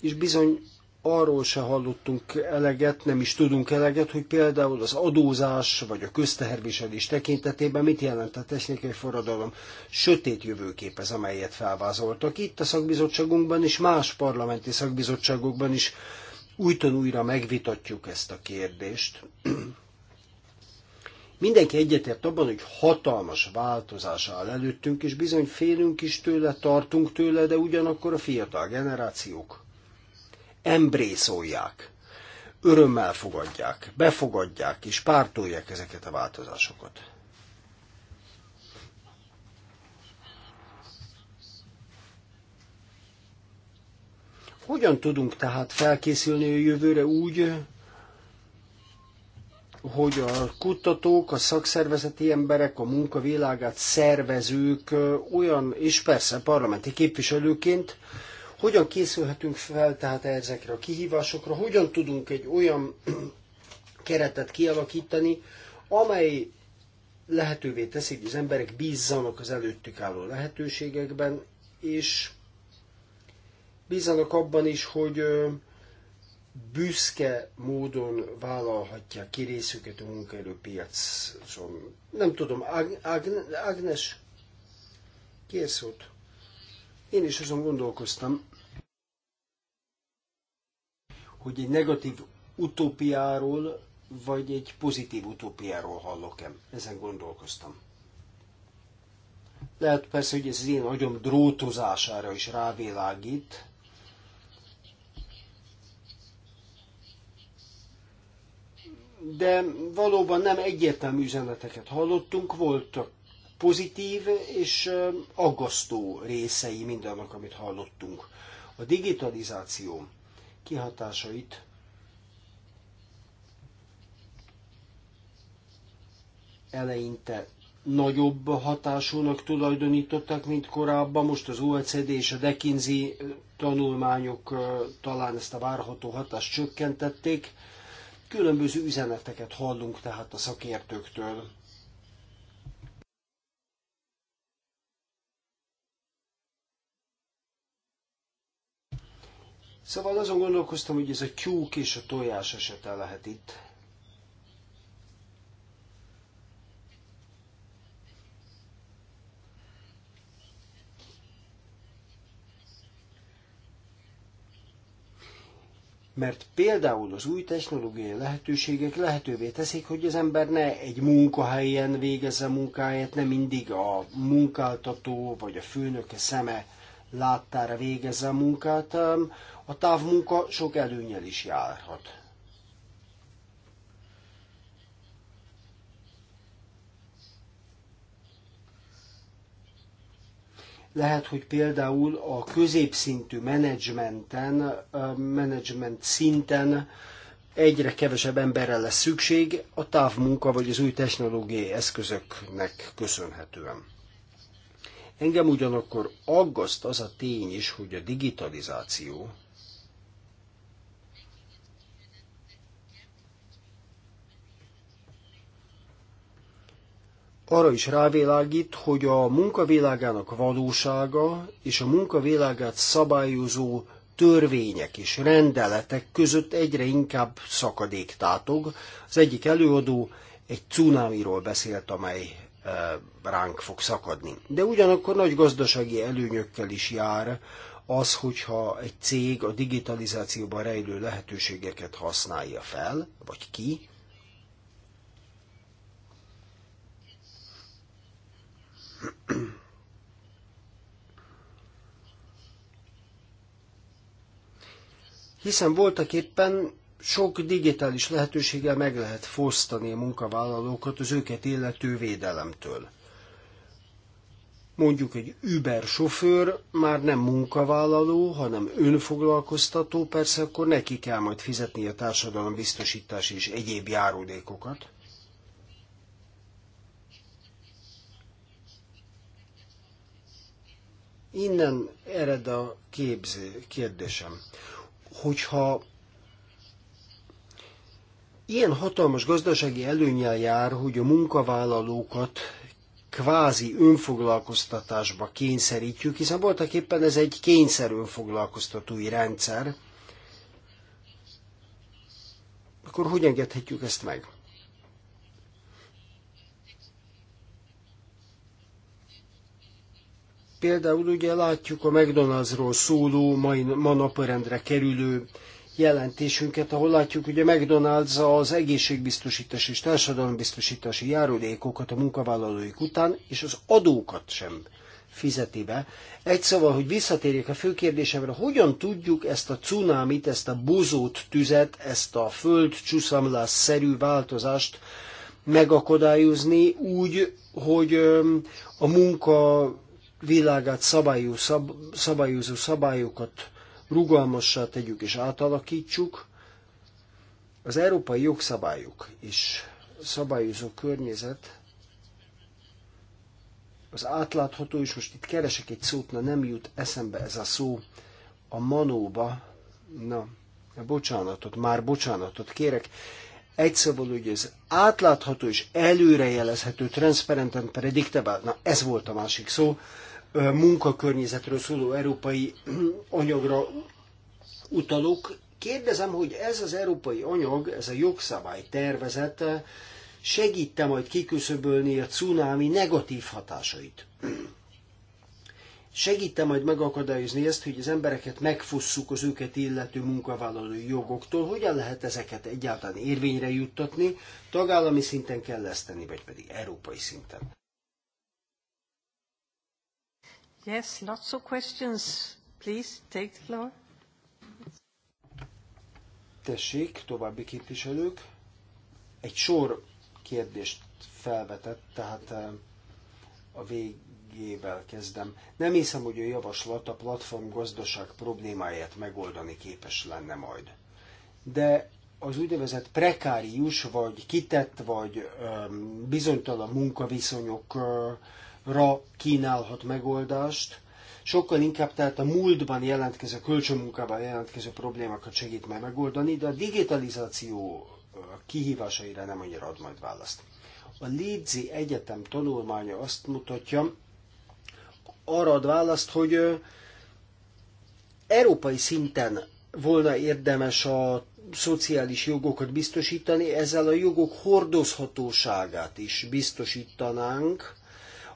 És bizony arról se hallottunk eleget, nem is tudunk eleget, hogy például az adózás vagy a közteherviselés tekintetében mit jelent a technikai forradalom. Sötét jövőkép ez, amelyet felvázoltak. Itt a szakbizottságunkban és más parlamenti szakbizottságokban is újton újra megvitatjuk ezt a kérdést. Mindenki egyetért abban, hogy hatalmas változás áll előttünk, és bizony félünk is tőle, tartunk tőle, de ugyanakkor a fiatal generációk embrészolják, örömmel fogadják, befogadják és pártolják ezeket a változásokat. Hogyan tudunk tehát felkészülni a jövőre úgy, hogy a kutatók, a szakszervezeti emberek, a munkavilágát szervezők olyan, és persze parlamenti képviselőként hogyan készülhetünk fel tehát ezekre a kihívásokra? Hogyan tudunk egy olyan keretet kialakítani, amely lehetővé teszi, hogy az emberek bízzanak az előttük álló lehetőségekben, és bízzanak abban is, hogy büszke módon vállalhatják ki részüket a munkaerőpiacon. Nem tudom, Ágnes, kérsz Én is azon gondolkoztam, hogy egy negatív utópiáról, vagy egy pozitív utópiáról hallok-e. Ezen gondolkoztam. Lehet persze, hogy ez az én agyom drótozására is rávilágít, de valóban nem egyértelmű üzeneteket hallottunk, voltak pozitív és aggasztó részei mindannak, amit hallottunk. A digitalizáció kihatásait eleinte nagyobb hatásúnak tulajdonították, mint korábban. Most az OECD és a Dekinzi tanulmányok talán ezt a várható hatást csökkentették. Különböző üzeneteket hallunk tehát a szakértőktől Szóval azon gondolkoztam, hogy ez a tyúk és a tojás esete lehet itt. mert például az új technológiai lehetőségek lehetővé teszik, hogy az ember ne egy munkahelyen végezze munkáját, ne mindig a munkáltató vagy a főnöke szeme láttára végezze a munkát, a távmunka sok előnyel is járhat. Lehet, hogy például a középszintű menedzsmenten, menedzsment szinten egyre kevesebb emberre lesz szükség a távmunka vagy az új technológiai eszközöknek köszönhetően. Engem ugyanakkor aggaszt az a tény is, hogy a digitalizáció arra is rávilágít, hogy a munkavilágának valósága és a munkavilágát szabályozó törvények és rendeletek között egyre inkább szakadék tátog. Az egyik előadó egy cunámiról beszélt, amely ránk fog szakadni. De ugyanakkor nagy gazdasági előnyökkel is jár az, hogyha egy cég a digitalizációban rejlő lehetőségeket használja fel, vagy ki, Hiszen voltak éppen sok digitális lehetőséggel meg lehet fosztani a munkavállalókat az őket illető védelemtől. Mondjuk egy Uber sofőr már nem munkavállaló, hanem önfoglalkoztató, persze akkor neki kell majd fizetni a társadalom biztosítás és egyéb járulékokat. Innen ered a képző kérdésem. Hogyha Ilyen hatalmas gazdasági előnyel jár, hogy a munkavállalókat kvázi önfoglalkoztatásba kényszerítjük, hiszen voltak éppen ez egy kényszer önfoglalkoztatói rendszer, akkor hogy engedhetjük ezt meg? Például ugye látjuk a McDonald'sról szóló, mai, ma napirendre kerülő jelentésünket, ahol látjuk, hogy a McDonald's az egészségbiztosítás és társadalombiztosítási járulékokat a munkavállalóik után, és az adókat sem fizeti be. Egy szóval, hogy visszatérjek a fő kérdésemre, hogyan tudjuk ezt a cunámit, ezt a bozót tüzet, ezt a föld csúszamlás-szerű változást megakadályozni úgy, hogy a munka világát szabályozó, szab, szabályozó szabályokat rugalmassá tegyük és átalakítsuk. Az európai jogszabályok és szabályozó környezet az átlátható, és most itt keresek egy szót, na nem jut eszembe ez a szó, a manóba, na, bocsánatot, már bocsánatot kérek, egy szóval, hogy az átlátható és előrejelezhető, transparent and predictable, na ez volt a másik szó, munkakörnyezetről szóló európai anyagra utalok. Kérdezem, hogy ez az európai anyag, ez a jogszabály tervezete segíte majd kiküszöbölni a cunámi negatív hatásait. Segítem majd megakadályozni ezt, hogy az embereket megfosszuk az őket illető munkavállalói jogoktól. Hogyan lehet ezeket egyáltalán érvényre juttatni? Tagállami szinten kell ezt vagy pedig európai szinten. Yes, lots of questions. Please take the floor. Tessék, további képviselők. Egy sor kérdést felvetett, tehát eh, a végével kezdem. Nem hiszem, hogy a javaslat a platform gazdaság problémáját megoldani képes lenne majd. De az úgynevezett prekárius, vagy kitett, vagy eh, bizonytalan munkaviszonyok eh, kínálhat megoldást, sokkal inkább tehát a múltban jelentkező, kölcsönmunkában jelentkező problémákat segít meg megoldani, de a digitalizáció kihívásaira nem annyira ad majd választ. A Lidzi Egyetem tanulmánya azt mutatja, arra ad választ, hogy európai szinten volna érdemes a szociális jogokat biztosítani, ezzel a jogok hordozhatóságát is biztosítanánk,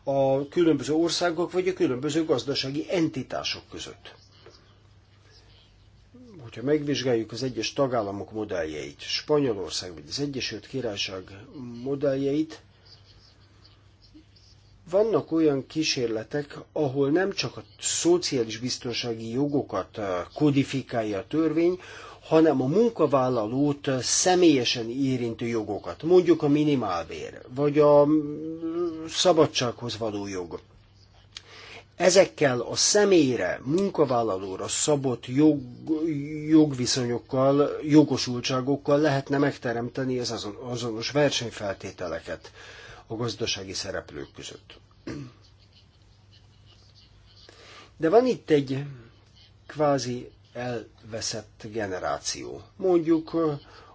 a különböző országok vagy a különböző gazdasági entitások között. Hogyha megvizsgáljuk az egyes tagállamok modelljeit, Spanyolország vagy az Egyesült Királyság modelljeit, vannak olyan kísérletek, ahol nem csak a szociális biztonsági jogokat eh, kodifikálja a törvény, hanem a munkavállalót személyesen érintő jogokat, mondjuk a minimálbér, vagy a szabadsághoz való jog. Ezekkel a személyre, munkavállalóra szabott jog, jogviszonyokkal, jogosultságokkal lehetne megteremteni az azon, azonos versenyfeltételeket a gazdasági szereplők között. De van itt egy kvázi elveszett generáció. Mondjuk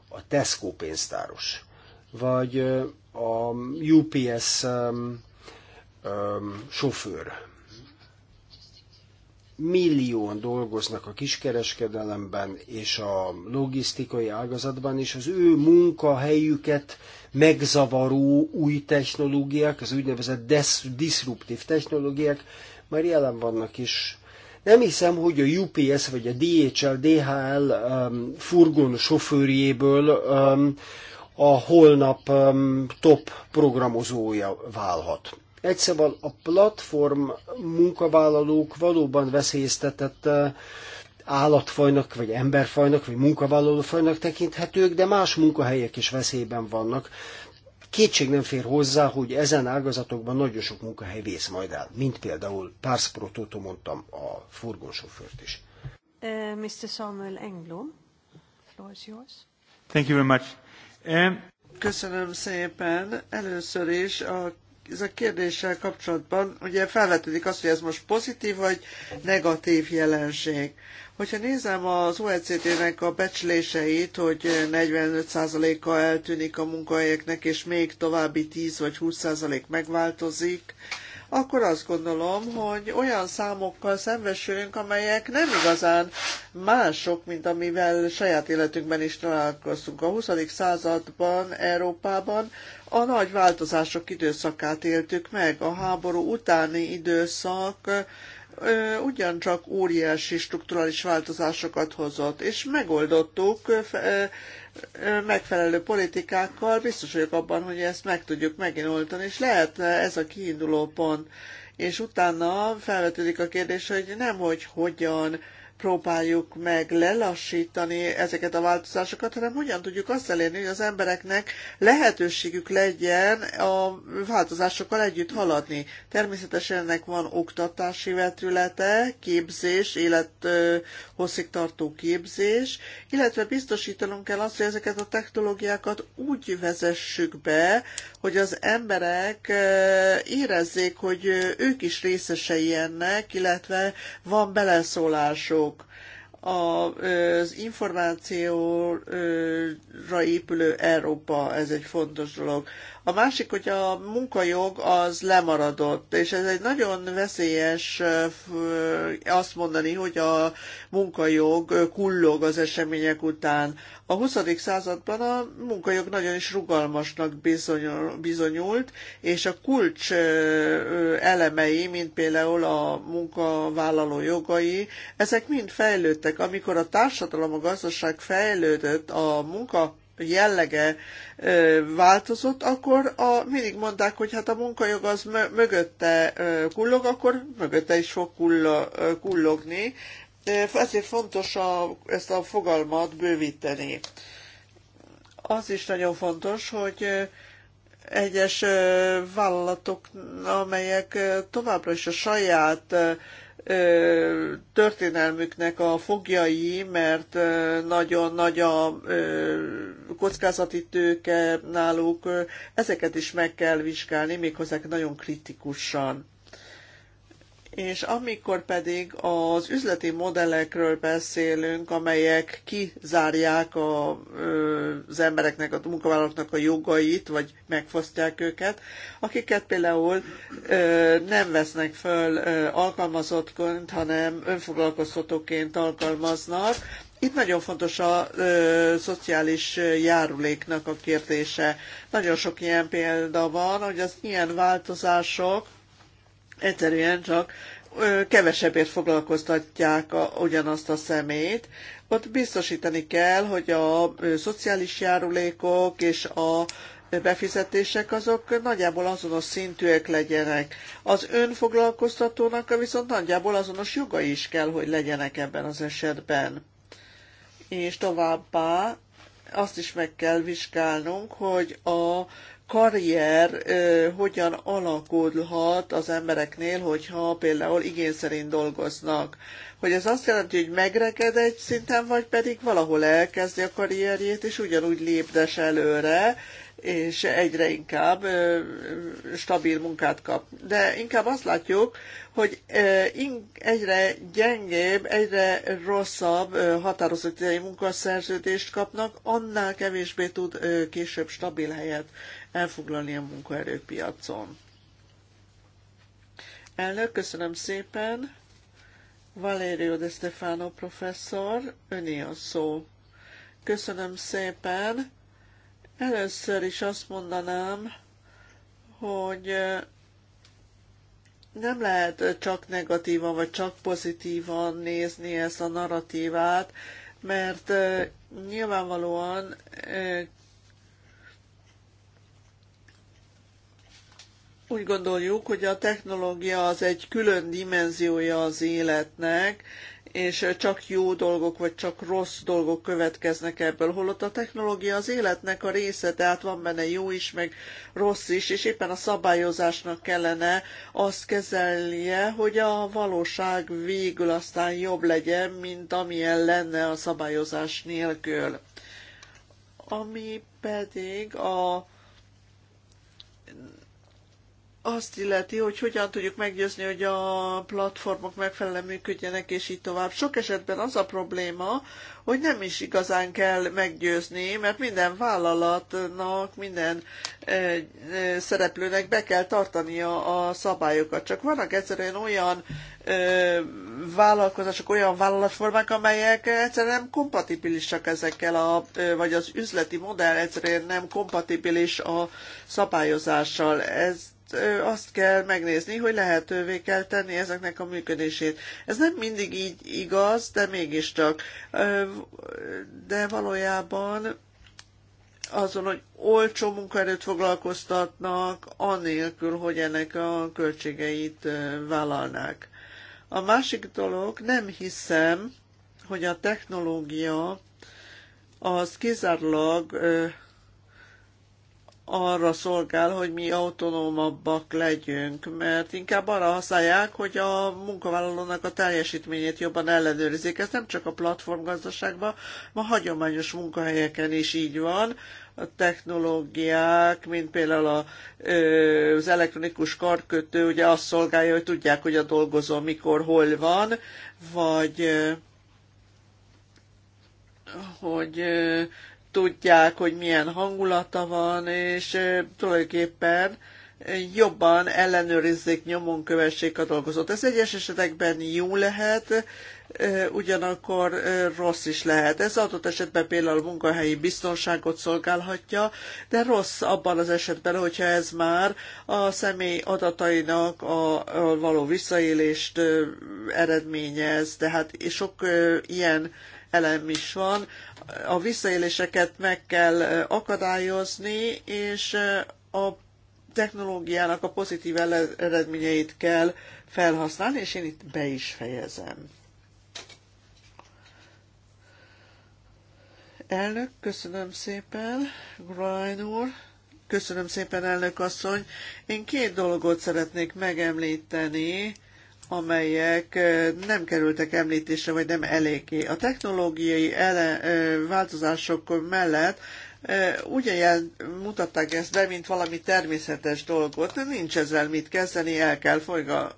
a Tesco pénztáros, vagy a UPS sofőr. Millióan dolgoznak a kiskereskedelemben és a logisztikai ágazatban, és az ő munkahelyüket megzavaró új technológiák, az úgynevezett disruptív technológiák már jelen vannak is nem hiszem, hogy a UPS vagy a DHL, DHL um, furgon sofőrjéből um, a holnap um, top programozója válhat. Egyszerűen szóval a platform munkavállalók valóban veszélyeztetett uh, állatfajnak, vagy emberfajnak, vagy munkavállalófajnak tekinthetők, de más munkahelyek is veszélyben vannak. Kétség nem fér hozzá, hogy ezen ágazatokban nagyon sok munkahely vész majd el, mint például Pars Prototo mondtam a furgonsofőrt is. Uh, eh, Mr. Samuel Engblom, floor is yours. Thank you very much. Um... Köszönöm szépen. Először is a ez a kérdéssel kapcsolatban ugye felvetődik az, hogy ez most pozitív vagy negatív jelenség. Hogyha nézem az OECD-nek a becsléseit, hogy 45%-a eltűnik a munkahelyeknek, és még további 10 vagy 20% megváltozik, akkor azt gondolom, hogy olyan számokkal szembesülünk, amelyek nem igazán mások, mint amivel saját életünkben is találkoztunk. A 20. században, Európában a nagy változások időszakát éltük meg. A háború utáni időszak ugyancsak óriási strukturális változásokat hozott, és megoldottuk megfelelő politikákkal, biztos vagyok abban, hogy ezt meg tudjuk megint oldani, és lehet ez a kiinduló pont. És utána felvetődik a kérdés, hogy nem, hogy hogyan, próbáljuk meg lelassítani ezeket a változásokat, hanem hogyan tudjuk azt elérni, hogy az embereknek lehetőségük legyen a változásokkal együtt haladni. Természetesen ennek van oktatási vetülete, képzés, élet tartó képzés, illetve biztosítanunk kell azt, hogy ezeket a technológiákat úgy vezessük be, hogy az emberek érezzék, hogy ők is részesei ennek, illetve van beleszólásuk az információra épülő Európa, ez egy fontos dolog. A másik, hogy a munkajog az lemaradott, és ez egy nagyon veszélyes azt mondani, hogy a munkajog kullog az események után. A 20. században a munkajog nagyon is rugalmasnak bizonyult, és a kulcs elemei, mint például a munkavállaló jogai, ezek mind fejlődtek. Amikor a társadalom, a gazdaság fejlődött, a munka jellege változott, akkor a, mindig mondták, hogy hát a munkajog az mögötte kullog, akkor mögötte is fog kullogni. Ezért fontos a, ezt a fogalmat bővíteni. Az is nagyon fontos, hogy egyes vállalatok, amelyek továbbra is a saját történelmüknek a fogjai, mert nagyon nagy a kockázati tőke náluk, ezeket is meg kell vizsgálni, méghozzá nagyon kritikusan és amikor pedig az üzleti modellekről beszélünk, amelyek kizárják a, az embereknek, a munkavállalóknak a jogait, vagy megfosztják őket, akiket például nem vesznek föl alkalmazottként, hanem önfoglalkoztatóként alkalmaznak, itt nagyon fontos a ö, szociális járuléknak a kérdése. Nagyon sok ilyen példa van, hogy az ilyen változások egyszerűen csak kevesebbért foglalkoztatják a, ugyanazt a szemét. Ott biztosítani kell, hogy a szociális járulékok és a befizetések azok nagyjából azonos szintűek legyenek. Az önfoglalkoztatónak viszont nagyjából azonos joga is kell, hogy legyenek ebben az esetben. És továbbá azt is meg kell vizsgálnunk, hogy a karrier hogyan alakulhat az embereknél, hogyha például igény szerint dolgoznak. Hogy ez azt jelenti, hogy megreked egy szinten, vagy pedig valahol elkezdi a karrierjét, és ugyanúgy lépdes előre, és egyre inkább stabil munkát kap. De inkább azt látjuk, hogy egyre gyengébb, egyre rosszabb határozott idei munkaszerződést kapnak, annál kevésbé tud később stabil helyet elfoglalni a munkaerőpiacon. Elnök, köszönöm szépen. Valerio de Stefano professzor, öné a szó. Köszönöm szépen. Először is azt mondanám, hogy nem lehet csak negatívan vagy csak pozitívan nézni ezt a narratívát, mert nyilvánvalóan Úgy gondoljuk, hogy a technológia az egy külön dimenziója az életnek, és csak jó dolgok, vagy csak rossz dolgok következnek ebből, holott a technológia az életnek a része, tehát van benne jó is, meg rossz is, és éppen a szabályozásnak kellene azt kezelnie, hogy a valóság végül aztán jobb legyen, mint amilyen lenne a szabályozás nélkül. Ami pedig a azt illeti, hogy hogyan tudjuk meggyőzni, hogy a platformok megfelelően működjenek, és így tovább. Sok esetben az a probléma, hogy nem is igazán kell meggyőzni, mert minden vállalatnak, minden eh, eh, szereplőnek be kell tartania a szabályokat. Csak vannak egyszerűen olyan eh, vállalkozások, olyan vállalatformák, amelyek egyszerűen nem kompatibilisak ezekkel, a, vagy az üzleti modell egyszerűen nem kompatibilis a szabályozással. Ez azt kell megnézni, hogy lehetővé kell tenni ezeknek a működését. Ez nem mindig így igaz, de mégis csak. De valójában azon, hogy olcsó munkaerőt foglalkoztatnak, anélkül, hogy ennek a költségeit vállalnák. A másik dolog, nem hiszem, hogy a technológia az kizárólag arra szolgál, hogy mi autonómabbak legyünk, mert inkább arra használják, hogy a munkavállalónak a teljesítményét jobban ellenőrizik. Ez nem csak a platformgazdaságban, ma hagyományos munkahelyeken is így van. A technológiák, mint például a, az elektronikus karkötő, ugye azt szolgálja, hogy tudják, hogy a dolgozó mikor, hol van, vagy hogy tudják, hogy milyen hangulata van, és tulajdonképpen jobban ellenőrizzék, nyomon kövessék a dolgozót. Ez egyes esetekben jó lehet, ugyanakkor rossz is lehet. Ez adott esetben például munkahelyi biztonságot szolgálhatja, de rossz abban az esetben, hogyha ez már a személy adatainak a, való visszaélést eredményez. Tehát sok ilyen elem is van. A visszaéléseket meg kell akadályozni, és a technológiának a pozitív eredményeit kell felhasználni, és én itt be is fejezem. Elnök, köszönöm szépen, Grain úr. Köszönöm szépen, elnök asszony. Én két dolgot szeretnék megemlíteni amelyek nem kerültek említésre, vagy nem eléggé. A technológiai ele, változások mellett ugyanilyen mutatták ezt be, mint valami természetes dolgot. Nincs ezzel mit kezdeni, el kell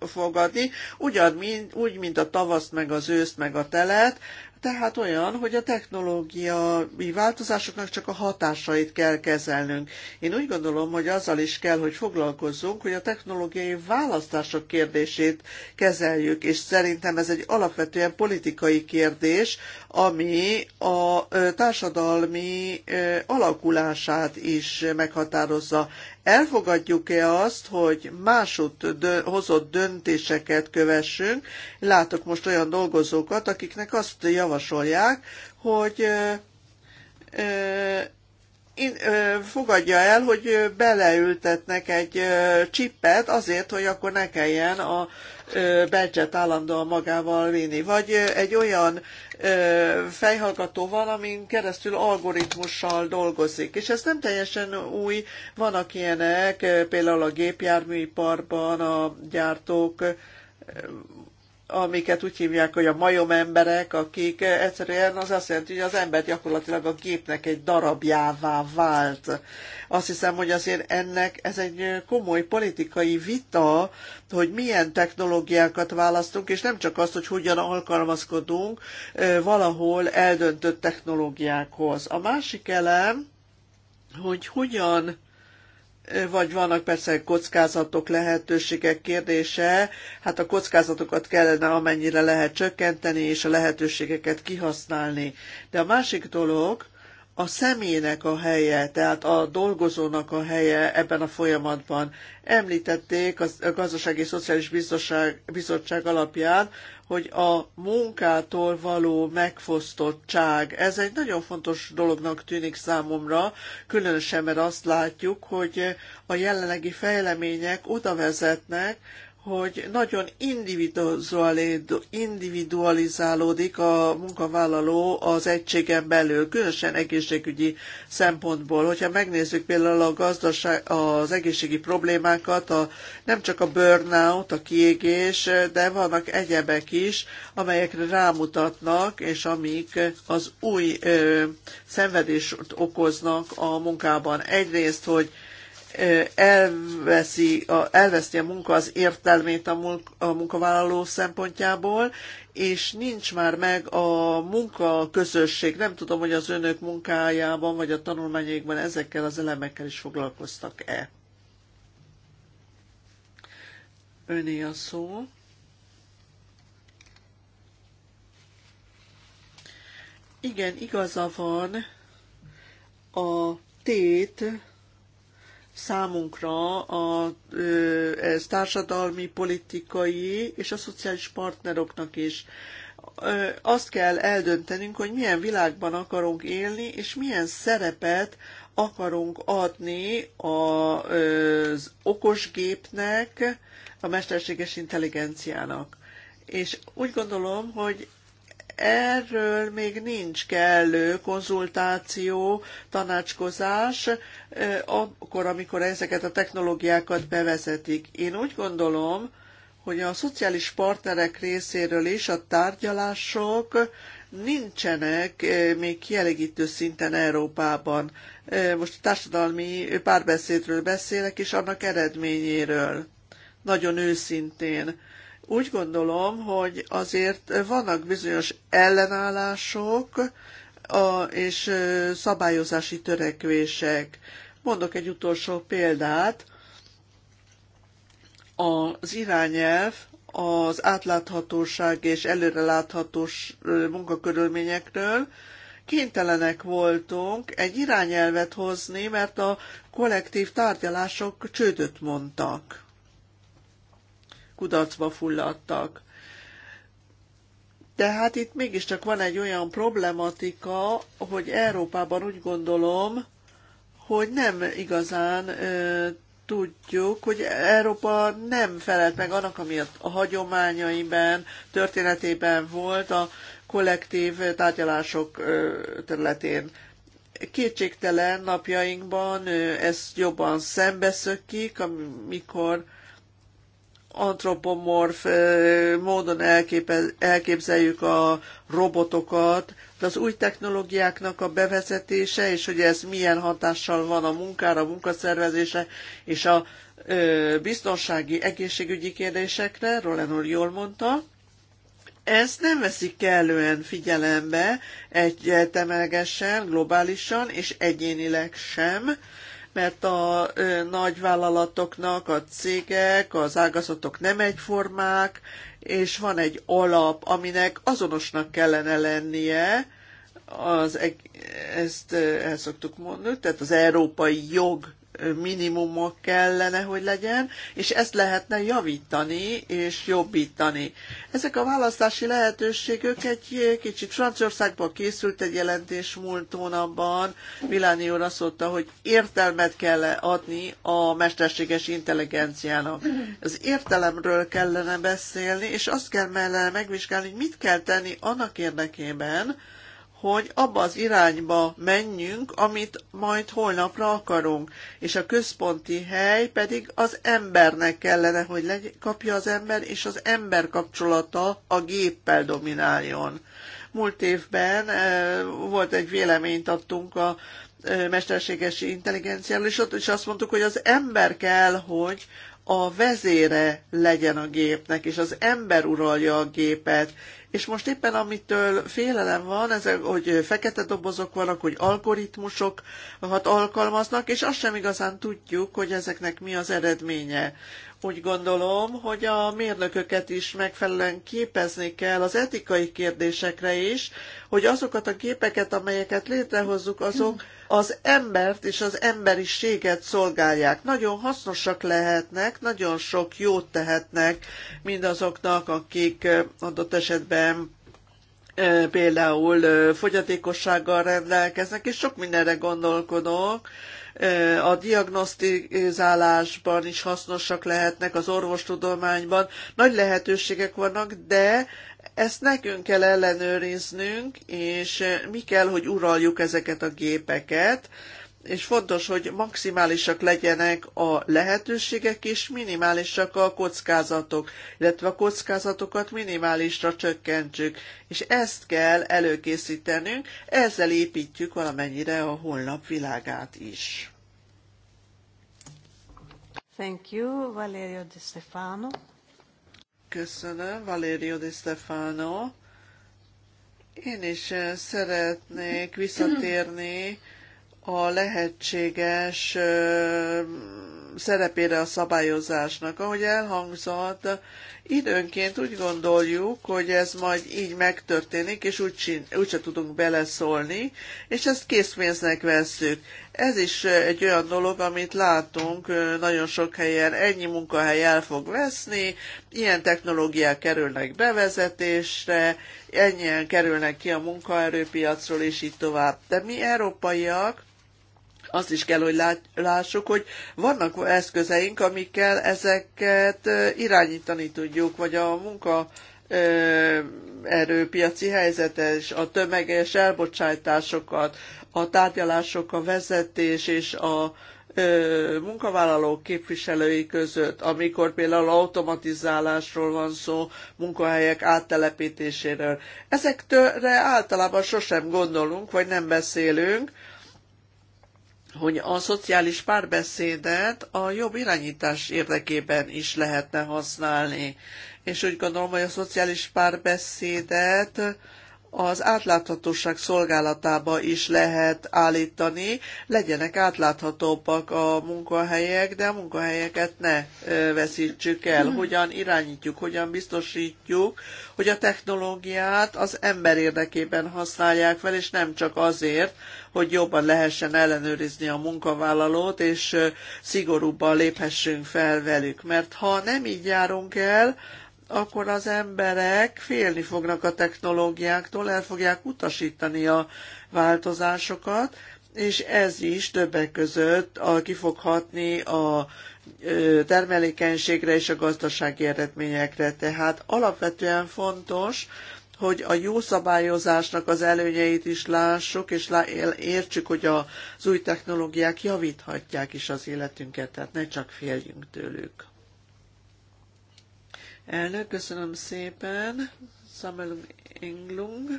fogadni. Ugyan, mint, úgy, mint a tavaszt, meg az őszt, meg a telet, tehát olyan, hogy a technológiai változásoknak csak a hatásait kell kezelnünk. Én úgy gondolom, hogy azzal is kell, hogy foglalkozzunk, hogy a technológiai választások kérdését kezeljük, és szerintem ez egy alapvetően politikai kérdés, ami a társadalmi alakulását is meghatározza elfogadjuk-e azt, hogy másút dö- hozott döntéseket kövessünk. Látok most olyan dolgozókat, akiknek azt javasolják, hogy fogadja el, hogy beleültetnek egy csippet azért, hogy akkor ne kelljen a belcset állandóan magával vinni. Vagy egy olyan fejhallgató van, amin keresztül algoritmussal dolgozik. És ez nem teljesen új, vannak ilyenek, például a gépjárműiparban a gyártók amiket úgy hívják, hogy a majom emberek, akik egyszerűen az azt jelenti, hogy az ember gyakorlatilag a gépnek egy darabjává vált. Azt hiszem, hogy azért ennek ez egy komoly politikai vita, hogy milyen technológiákat választunk, és nem csak azt, hogy hogyan alkalmazkodunk valahol eldöntött technológiákhoz. A másik elem, hogy hogyan vagy vannak persze kockázatok, lehetőségek kérdése, hát a kockázatokat kellene amennyire lehet csökkenteni, és a lehetőségeket kihasználni. De a másik dolog, a személynek a helye, tehát a dolgozónak a helye ebben a folyamatban. Említették a Gazdasági Szociális Bizottság, Bizottság alapján, hogy a munkától való megfosztottság, ez egy nagyon fontos dolognak tűnik számomra, különösen mert azt látjuk, hogy a jelenlegi fejlemények oda vezetnek, hogy nagyon individualizálódik a munkavállaló az egységen belül, különösen egészségügyi szempontból. Hogyha megnézzük például a gazdaság, az egészségi problémákat, a, nem csak a burnout, a kiégés, de vannak egyebek is, amelyekre rámutatnak, és amik az új ö, szenvedést okoznak a munkában. Egyrészt, hogy elveszi a, elveszi a munka az értelmét a, munka, a munkavállaló szempontjából, és nincs már meg a munka közösség. Nem tudom, hogy az önök munkájában vagy a tanulmányékban ezekkel az elemekkel is foglalkoztak-e. Öné a szó. Igen, igaza van a tét, számunkra a, ez társadalmi, politikai és a szociális partneroknak is azt kell eldöntenünk, hogy milyen világban akarunk élni, és milyen szerepet akarunk adni az okosgépnek, a mesterséges intelligenciának. És úgy gondolom, hogy erről még nincs kellő konzultáció, tanácskozás, akkor, amikor ezeket a technológiákat bevezetik. Én úgy gondolom, hogy a szociális partnerek részéről is a tárgyalások nincsenek még kielégítő szinten Európában. Most a társadalmi párbeszédről beszélek, és annak eredményéről. Nagyon őszintén úgy gondolom, hogy azért vannak bizonyos ellenállások a, és szabályozási törekvések. Mondok egy utolsó példát. Az irányelv az átláthatóság és előreláthatós munkakörülményekről, kénytelenek voltunk egy irányelvet hozni, mert a kollektív tárgyalások csődöt mondtak kudarcba fulladtak. De hát itt mégiscsak van egy olyan problematika, hogy Európában úgy gondolom, hogy nem igazán ö, tudjuk, hogy Európa nem felelt meg annak, ami a, a hagyományaiben, történetében volt a kollektív tárgyalások ö, területén. Kétségtelen napjainkban ö, ez jobban szembeszökik, amikor ö, antropomorf módon elképzeljük a robotokat, de az új technológiáknak a bevezetése, és hogy ez milyen hatással van a munkára, a munkaszervezése, és a biztonsági, egészségügyi kérdésekre, Roland úr jól mondta, ezt nem veszik kellően figyelembe egyetemelgesen, globálisan és egyénileg sem, mert a nagyvállalatoknak a cégek, az ágazatok nem egyformák, és van egy alap, aminek azonosnak kellene lennie, az, ezt el szoktuk mondani, tehát az európai jog minimumok kellene, hogy legyen, és ezt lehetne javítani és jobbítani. Ezek a választási lehetőségek egy kicsit Franciaországban készült egy jelentés múlt hónapban. Miláni úr azt mondta, hogy értelmet kell adni a mesterséges intelligenciának. Az értelemről kellene beszélni, és azt kell mellene megvizsgálni, hogy mit kell tenni annak érdekében, hogy abba az irányba menjünk, amit majd holnapra akarunk, és a központi hely pedig az embernek kellene, hogy legy- kapja az ember, és az ember kapcsolata a géppel domináljon. Múlt évben e, volt egy véleményt adtunk a e, mesterséges intelligenciáról, és ott is azt mondtuk, hogy az ember kell, hogy a vezére legyen a gépnek, és az ember uralja a gépet, és most éppen amitől félelem van, ezek, hogy fekete dobozok vannak, hogy algoritmusok, algoritmusokat hát alkalmaznak, és azt sem igazán tudjuk, hogy ezeknek mi az eredménye úgy gondolom, hogy a mérnököket is megfelelően képezni kell az etikai kérdésekre is, hogy azokat a képeket, amelyeket létrehozzuk, azok az embert és az emberiséget szolgálják. Nagyon hasznosak lehetnek, nagyon sok jót tehetnek mindazoknak, akik adott esetben például fogyatékossággal rendelkeznek, és sok mindenre gondolkodok, a diagnosztizálásban is hasznosak lehetnek, az orvostudományban. Nagy lehetőségek vannak, de ezt nekünk kell ellenőriznünk, és mi kell, hogy uraljuk ezeket a gépeket, és fontos, hogy maximálisak legyenek a lehetőségek és minimálisak a kockázatok, illetve a kockázatokat minimálisra csökkentsük, és ezt kell előkészítenünk, ezzel építjük valamennyire a holnap világát is. Thank you, Valerio De Stefano. Köszönöm, Valerio De Stefano. Én is eh, szeretnék visszatérni a lehetséges szerepére a szabályozásnak. Ahogy elhangzott, Időnként úgy gondoljuk, hogy ez majd így megtörténik, és úgy, úgy tudunk beleszólni, és ezt készpénznek vesszük. Ez is egy olyan dolog, amit látunk nagyon sok helyen, ennyi munkahely el fog veszni, ilyen technológiák kerülnek bevezetésre, ennyien kerülnek ki a munkaerőpiacról, és így tovább. De mi európaiak azt is kell, hogy lássuk, hogy vannak eszközeink, amikkel ezeket irányítani tudjuk, vagy a munka erőpiaci helyzetes, a tömeges elbocsátásokat, a tárgyalások, a vezetés és a munkavállalók képviselői között, amikor például automatizálásról van szó, munkahelyek áttelepítéséről. Ezekre általában sosem gondolunk, vagy nem beszélünk, hogy a szociális párbeszédet a jobb irányítás érdekében is lehetne használni. És úgy gondolom, hogy a szociális párbeszédet az átláthatóság szolgálatába is lehet állítani, legyenek átláthatóbbak a munkahelyek, de a munkahelyeket ne veszítsük el. Mhm. Hogyan irányítjuk, hogyan biztosítjuk, hogy a technológiát az ember érdekében használják fel, és nem csak azért, hogy jobban lehessen ellenőrizni a munkavállalót, és szigorúbban léphessünk fel velük. Mert ha nem így járunk el, akkor az emberek félni fognak a technológiáktól, el fogják utasítani a változásokat, és ez is többek között a, ki fog hatni a termelékenységre és a gazdasági eredményekre. Tehát alapvetően fontos, hogy a jó szabályozásnak az előnyeit is lássuk, és értsük, hogy az új technológiák javíthatják is az életünket, tehát ne csak féljünk tőlük. Elnök, köszönöm szépen. Samuel Englung.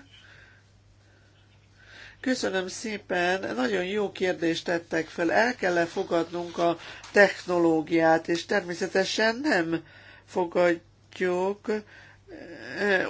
Köszönöm szépen, nagyon jó kérdést tettek fel. El kell -e fogadnunk a technológiát, és természetesen nem fogadjuk.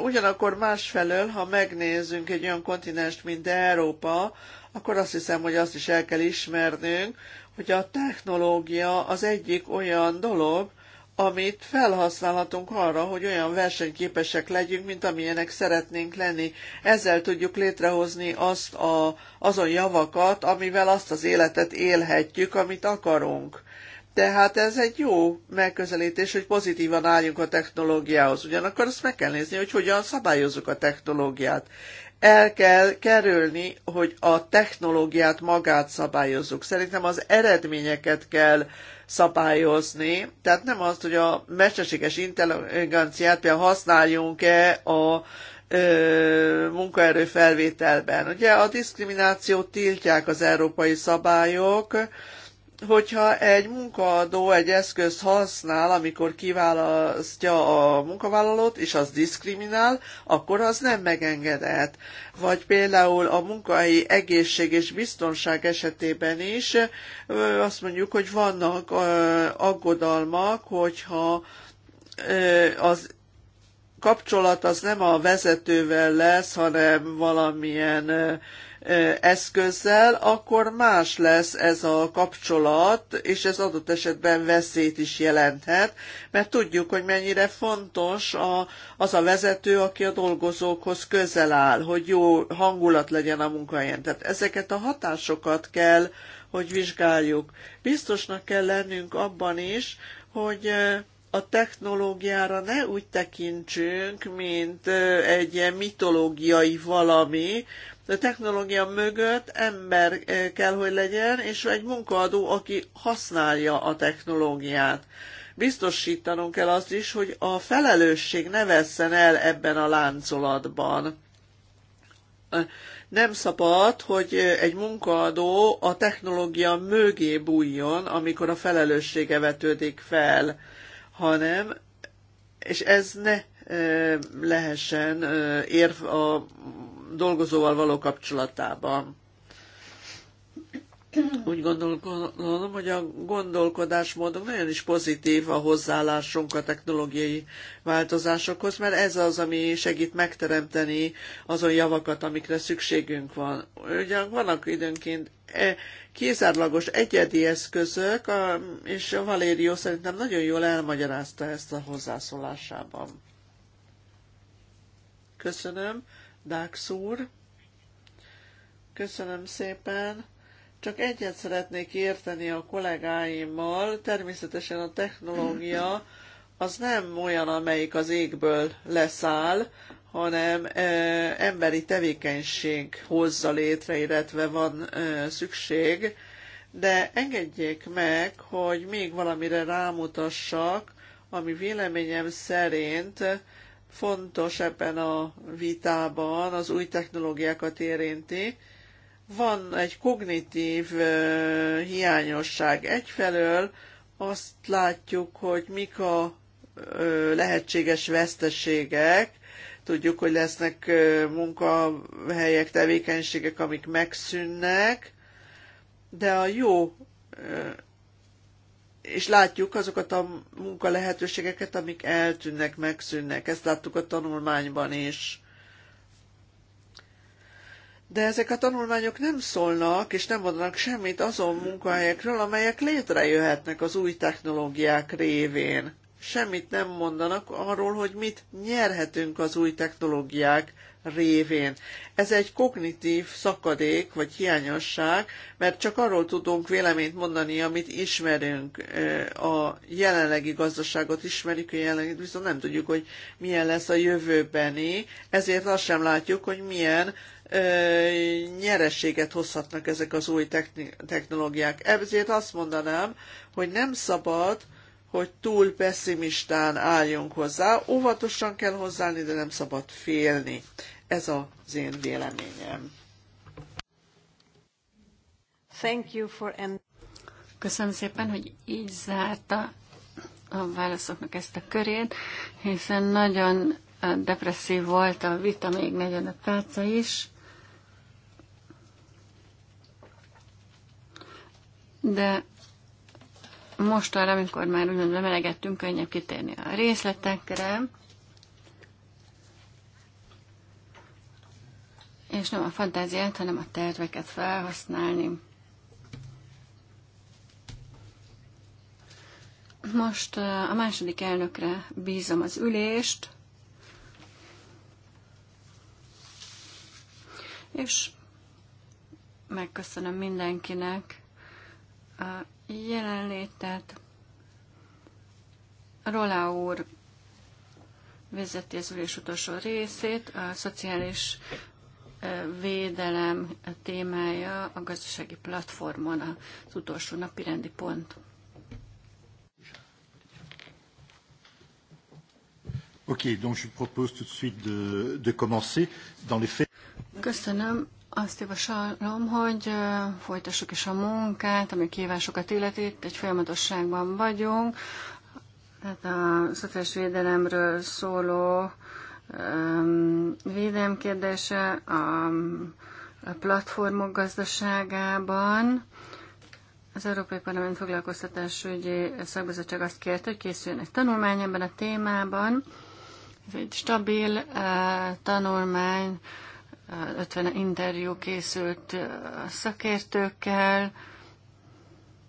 Ugyanakkor másfelől, ha megnézzünk egy olyan kontinenst, mint Európa, akkor azt hiszem, hogy azt is el kell ismernünk, hogy a technológia az egyik olyan dolog, amit felhasználhatunk arra, hogy olyan versenyképesek legyünk, mint amilyenek szeretnénk lenni. Ezzel tudjuk létrehozni azt a, azon javakat, amivel azt az életet élhetjük, amit akarunk. Tehát ez egy jó megközelítés, hogy pozitívan álljunk a technológiához. Ugyanakkor azt meg kell nézni, hogy hogyan szabályozzuk a technológiát. El kell kerülni, hogy a technológiát magát szabályozzuk. Szerintem az eredményeket kell szabályozni. Tehát nem azt, hogy a mesterséges intelligenciát például használjunk-e a munkaerő felvételben. Ugye a diszkriminációt tiltják az európai szabályok, hogyha egy munkaadó egy eszközt használ, amikor kiválasztja a munkavállalót, és az diszkriminál, akkor az nem megengedett. Vagy például a munkahelyi egészség és biztonság esetében is azt mondjuk, hogy vannak aggodalmak, hogyha az kapcsolat az nem a vezetővel lesz, hanem valamilyen eszközzel, akkor más lesz ez a kapcsolat, és ez adott esetben veszélyt is jelenthet, mert tudjuk, hogy mennyire fontos a, az a vezető, aki a dolgozókhoz közel áll, hogy jó hangulat legyen a munkahelyen. Tehát ezeket a hatásokat kell, hogy vizsgáljuk. Biztosnak kell lennünk abban is, hogy a technológiára ne úgy tekintsünk, mint egy ilyen mitológiai valami, a technológia mögött ember eh, kell, hogy legyen, és egy munkaadó, aki használja a technológiát. Biztosítanunk kell azt is, hogy a felelősség ne vesszen el ebben a láncolatban nem szabad, hogy eh, egy munkaadó a technológia mögé bújjon, amikor a felelőssége vetődik fel, hanem, és ez ne eh, lehessen érv a dolgozóval való kapcsolatában. Úgy gondolom, hogy a gondolkodásmódunk nagyon is pozitív a hozzáállásunk a technológiai változásokhoz, mert ez az, ami segít megteremteni azon javakat, amikre szükségünk van. Ugyan vannak időnként eh, kizárlagos egyedi eszközök, és a Valérió szerintem nagyon jól elmagyarázta ezt a hozzászólásában. Köszönöm. Dax Köszönöm szépen. Csak egyet szeretnék érteni a kollégáimmal. Természetesen a technológia az nem olyan, amelyik az égből leszáll, hanem e, emberi tevékenység hozza létre, illetve van e, szükség. De engedjék meg, hogy még valamire rámutassak, ami véleményem szerint fontos ebben a vitában, az új technológiákat érinti. Van egy kognitív hiányosság. Egyfelől azt látjuk, hogy mik a lehetséges veszteségek, tudjuk, hogy lesznek munkahelyek, tevékenységek, amik megszűnnek, de a jó és látjuk azokat a munkalehetőségeket, amik eltűnnek, megszűnnek. Ezt láttuk a tanulmányban is. De ezek a tanulmányok nem szólnak és nem adnak semmit azon munkahelyekről, amelyek létrejöhetnek az új technológiák révén. Semmit nem mondanak arról, hogy mit nyerhetünk az új technológiák révén. Ez egy kognitív szakadék vagy hiányosság, mert csak arról tudunk véleményt mondani, amit ismerünk. A jelenlegi gazdaságot ismerik, a jelenlegi viszont nem tudjuk, hogy milyen lesz a jövőbeni, ezért azt sem látjuk, hogy milyen nyereséget hozhatnak ezek az új technológiák. Ezért azt mondanám, hogy nem szabad hogy túl pessimistán álljunk hozzá. Óvatosan kell hozzáállni, de nem szabad félni. Ez az én véleményem. Thank you for end- Köszönöm szépen, hogy így zárta a válaszoknak ezt a körét, hiszen nagyon depresszív volt a vita, még 45 perce is. De most arra amikor már úgymond bemelegettünk, könnyebb kitérni a részletekre. És nem a fantáziát, hanem a terveket felhasználni. Most a második elnökre bízom az ülést, és megköszönöm mindenkinek a jelenlétet. Rolá úr vezeti az ülés utolsó részét, a szociális védelem témája a gazdasági platformon az utolsó napi rendi pont. Ok, donc je propose tout de suite de, de commencer dans les faits. Köszönöm. Azt javasolom, hogy folytassuk is a munkát, ami kívásokat illeti, egy folyamatosságban vagyunk. Tehát a szociális védelemről szóló um, védelem kérdése a, a platformok gazdaságában. Az Európai Parlament foglalkoztatásügyi szakbizottság azt kérte, hogy készüljön egy tanulmány ebben a témában. Ez egy stabil uh, tanulmány, uh, 50 interjú készült szakértőkkel,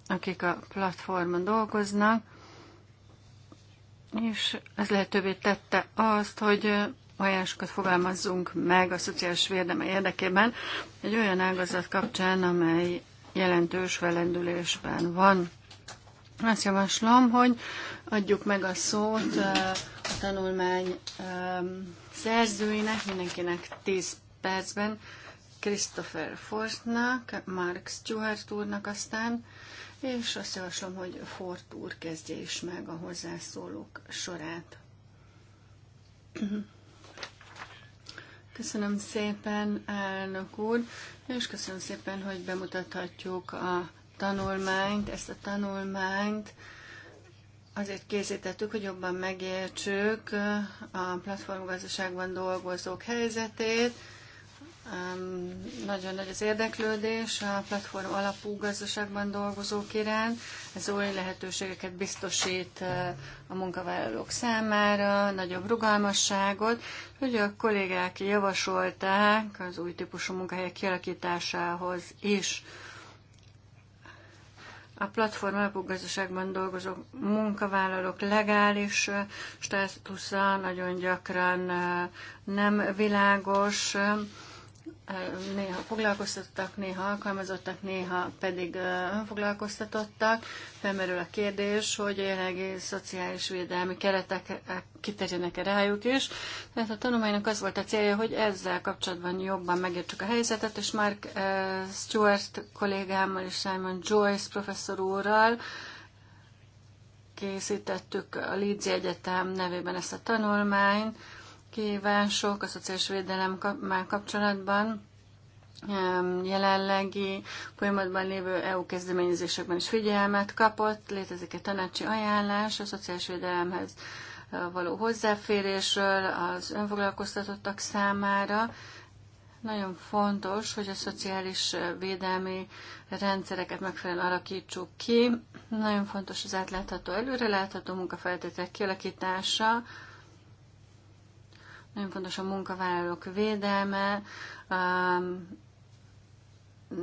akik a platformon dolgoznak, és ez lehetővé tette azt, hogy ajánlásokat fogalmazzunk meg a szociális védelme érdekében egy olyan ágazat kapcsán, amely jelentős felendülésben van. Azt javaslom, hogy adjuk meg a szót a tanulmány szerzőinek, mindenkinek 10 percben Christopher Forstnak, Mark Stewart úrnak aztán, és azt javaslom, hogy Ford úr kezdje is meg a hozzászólók sorát. Köszönöm szépen, elnök úr, és köszönöm szépen, hogy bemutathatjuk a tanulmányt, ezt a tanulmányt. Azért készítettük, hogy jobban megértsük a platformgazdaságban dolgozók helyzetét, nagyon nagy az érdeklődés a platform alapú gazdaságban dolgozók iránt. Ez új lehetőségeket biztosít eh, a munkavállalók számára, nagyobb rugalmasságot, hogy a kollégák javasolták az új típusú munkahelyek kialakításához is. A platform alapú gazdaságban dolgozó munkavállalók legális eh, státusza nagyon gyakran eh, nem világos, néha foglalkoztattak néha alkalmazottak, néha pedig önfoglalkoztatottak. Felmerül a kérdés, hogy a jelenlegi szociális védelmi keretek eh, kiterjenek-e rájuk is. Tehát a tanulmánynak az volt a célja, hogy ezzel kapcsolatban jobban megértsük a helyzetet, és Mark eh, Stewart kollégámmal és Simon Joyce professzor úrral készítettük a Leeds Egyetem nevében ezt a tanulmányt, kívások a szociális védelemmel kapcsolatban jelenlegi folyamatban lévő EU kezdeményezésekben is figyelmet kapott, létezik egy tanácsi ajánlás a szociális védelemhez való hozzáférésről az önfoglalkoztatottak számára. Nagyon fontos, hogy a szociális védelmi rendszereket megfelelően alakítsuk ki. Nagyon fontos az átlátható, előrelátható munkafeltételek kialakítása, nagyon fontos a munkavállalók védelme, um,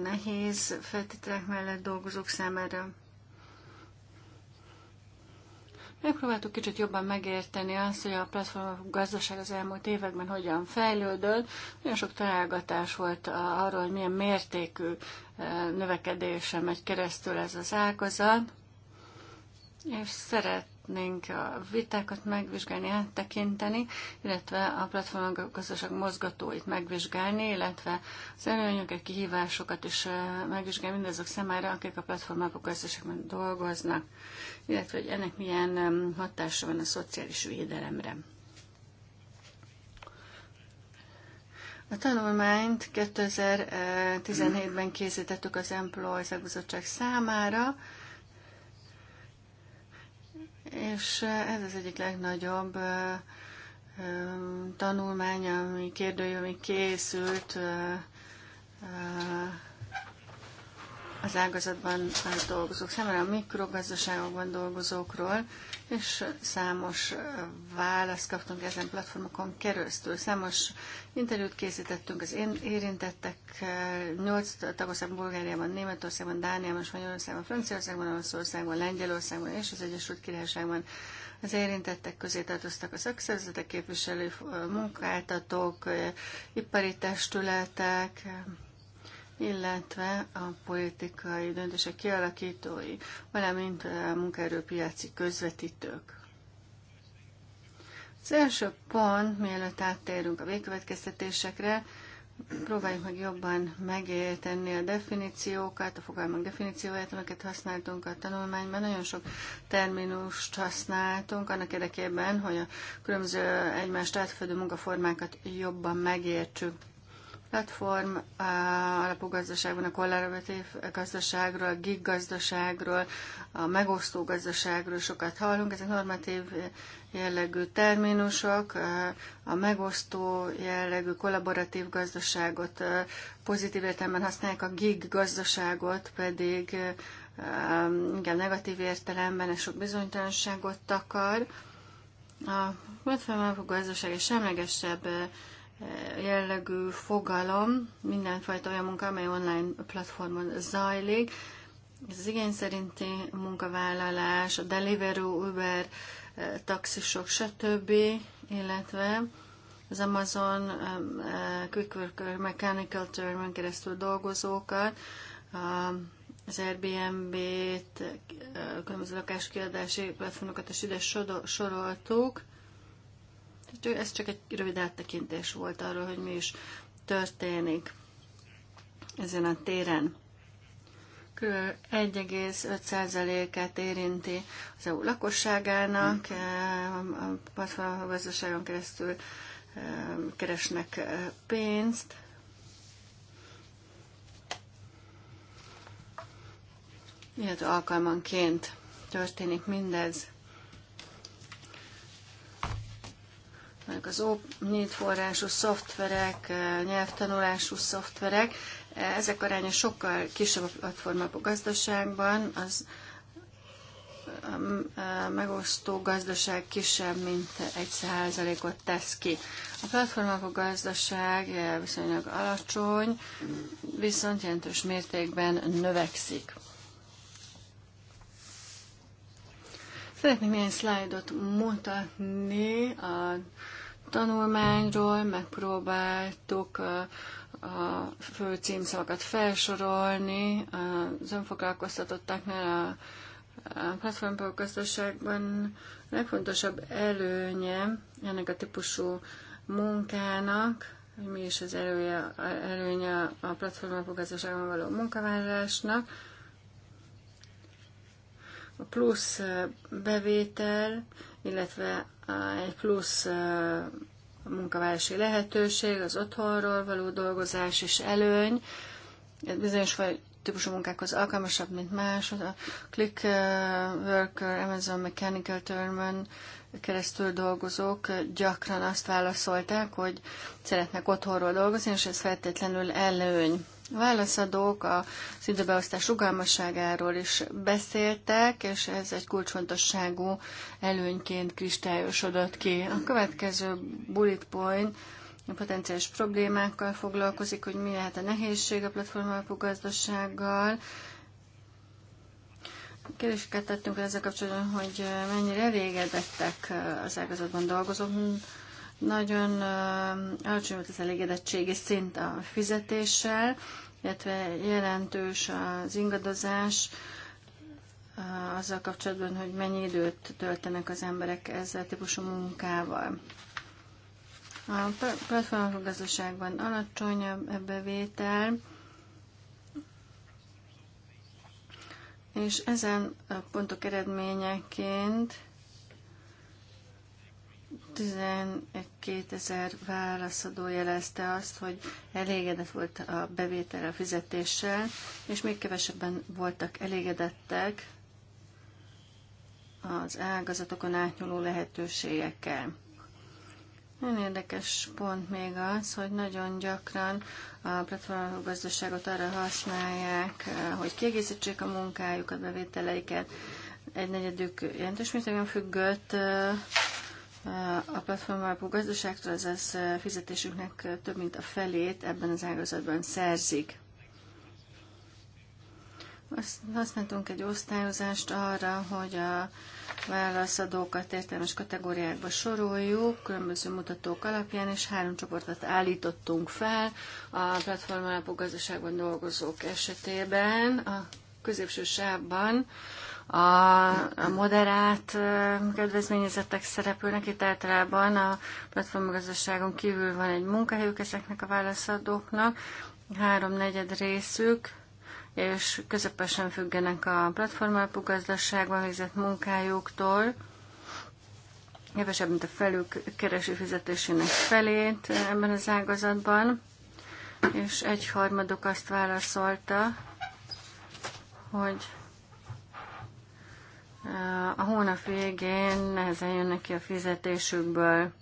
nehéz feltételek mellett dolgozók számára. Megpróbáltuk kicsit jobban megérteni azt, hogy a platform gazdaság az elmúlt években hogyan fejlődött. Nagyon sok találgatás volt arról, hogy milyen mértékű e, növekedésem megy keresztül ez az ágazat. És szeret szeretnénk a vitákat megvizsgálni, áttekinteni, illetve a platformok gazdaság mozgatóit megvizsgálni, illetve az előnyöket, kihívásokat is megvizsgálni mindazok számára, akik a platformok gazdaságban dolgoznak, illetve hogy ennek milyen hatása van a szociális védelemre. A tanulmányt 2017-ben készítettük az Employ szakbizottság számára, és ez az egyik legnagyobb tanulmány, ami kérdőjű, ami készült az ágazatban eh, dolgozók számára, a mikrogazdaságokban dolgozókról, és számos eh, választ kaptunk ezen platformokon keresztül. Számos interjút készítettünk az én érintettek nyolc tagországban, Bulgáriában, Németországban, Dániában, Spanyolországban, Franciaországban, Olaszországban, Lengyelországban és az Egyesült Királyságban. Az érintettek közé tartoztak a szakszervezetek képviselő eh, munkáltatók, ipari testületek, illetve a politikai döntések kialakítói, valamint a munkaerőpiaci közvetítők. Az első pont, mielőtt áttérünk a végkövetkeztetésekre, próbáljuk meg jobban megérteni a definíciókat, a fogalmak definícióját, amiket használtunk a tanulmányban. Nagyon sok terminust használtunk annak érdekében, hogy a különböző egymást átfedő munkaformákat jobban megértsük platform alapú gazdaságban, a kollaboratív gazdaságról, a gig gazdaságról, a megosztó gazdaságról sokat hallunk. Ezek normatív jellegű terminusok, a megosztó jellegű kollaboratív gazdaságot pozitív értelemben használják, a gig gazdaságot pedig igen, negatív értelemben sok bizonytalanságot takar. A platform alapú gazdaság egy semlegesebb jellegű fogalom, mindenfajta olyan munka, amely online platformon zajlik. Ez az igény szerinti munkavállalás, a Deliveroo, Uber, eh, taxisok, stb., illetve az Amazon eh, Quick Worker Mechanical Turn keresztül dolgozókat, az Airbnb-t, eh, különböző lakáskiadási platformokat is ide soroltuk ez csak egy rövid áttekintés volt arról, hogy mi is történik ezen a téren. Kb. 1,5%-át érinti az EU lakosságának, mm. eh, a platform keresztül eh, keresnek eh, pénzt, illetve alkalmanként történik mindez. meg az open forrású szoftverek, eh, nyelvtanulású szoftverek, eh, ezek aránya sokkal kisebb a platformok gazdaságban, az a eh, megosztó gazdaság kisebb, mint egy százalékot tesz ki. A platformok gazdaság viszonylag alacsony, viszont jelentős mértékben növekszik. Szeretnék néhány szlájdot mutatni a tanulmányról, megpróbáltuk a, a fő címszavakat felsorolni az önfoglalkoztatottaknál a, a platformból gazdaságban. A legfontosabb előnye ennek a típusú munkának, hogy mi is az előnye, előnye a platformokon gazdaságban való munkavállalásnak, a plusz bevétel, illetve egy plusz munkavállalási lehetőség, az otthonról való dolgozás és előny. Bizonyos típusú munkákhoz alkalmasabb, mint más. A Click Worker, Amazon Mechanical Turman keresztül dolgozók gyakran azt válaszolták, hogy szeretnek otthonról dolgozni, és ez feltétlenül előny. A válaszadók a időbeosztás rugalmasságáról is beszéltek, és ez egy kulcsfontosságú előnyként kristályosodott ki. A következő bullet point a potenciális problémákkal foglalkozik, hogy mi lehet a nehézség a platformalapú gazdasággal. Kérdéseket tettünk ezzel kapcsolatban, hogy mennyire elégedettek az ágazatban dolgozók. Nagyon alacsony volt az elégedettségi szint a fizetéssel, illetve jelentős az ingadozás azzal kapcsolatban, hogy mennyi időt töltenek az emberek ezzel típusú munkával. A platformok gazdaságban alacsonyabb bevétel, és ezen pontok eredményeként 12 ezer válaszadó jelezte azt, hogy elégedett volt a bevétel a fizetéssel, és még kevesebben voltak elégedettek az ágazatokon átnyúló lehetőségekkel. Nagyon érdekes pont még az, hogy nagyon gyakran a platformok gazdaságot arra használják, hogy kiegészítsék a munkájukat, bevételeiket. Egy negyedük jelentős mértékben függött a platform alapú gazdaságtól, azaz fizetésüknek több mint a felét ebben az ágazatban szerzik. Azt használtunk egy osztályozást arra, hogy a válaszadókat értelmes kategóriákba soroljuk, különböző mutatók alapján, és három csoportot állítottunk fel a platform alapú gazdaságban dolgozók esetében. A középső sávban a moderát kedvezményezettek szerepülnek. Itt általában a platformgazdaságon kívül van egy munkahelyük ezeknek a válaszadóknak, háromnegyed részük, és közepesen függenek a platformalapú gazdaságban végzett munkájuktól, kevesebb, mint a felük kereső fizetésének felét ebben az ágazatban, és egyharmaduk azt válaszolta, hogy a hónap végén nehezen jönnek neki a fizetésükből.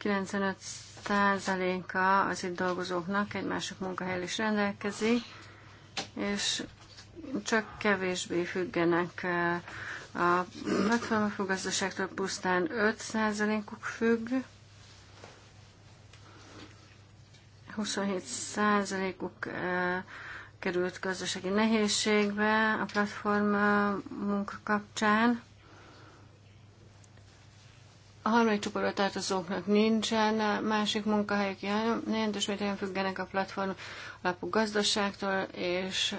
95%-a az itt dolgozóknak egy másik munkahely is rendelkezik, és csak kevésbé függenek a platformok pusztán 5%-uk függ, 27%-uk került gazdasági nehézségbe a platform munka kapcsán. A harmadik csoportra tartozóknak nincsen másik munkahelyük, jelentős mértékben függenek a platform alapú gazdaságtól, és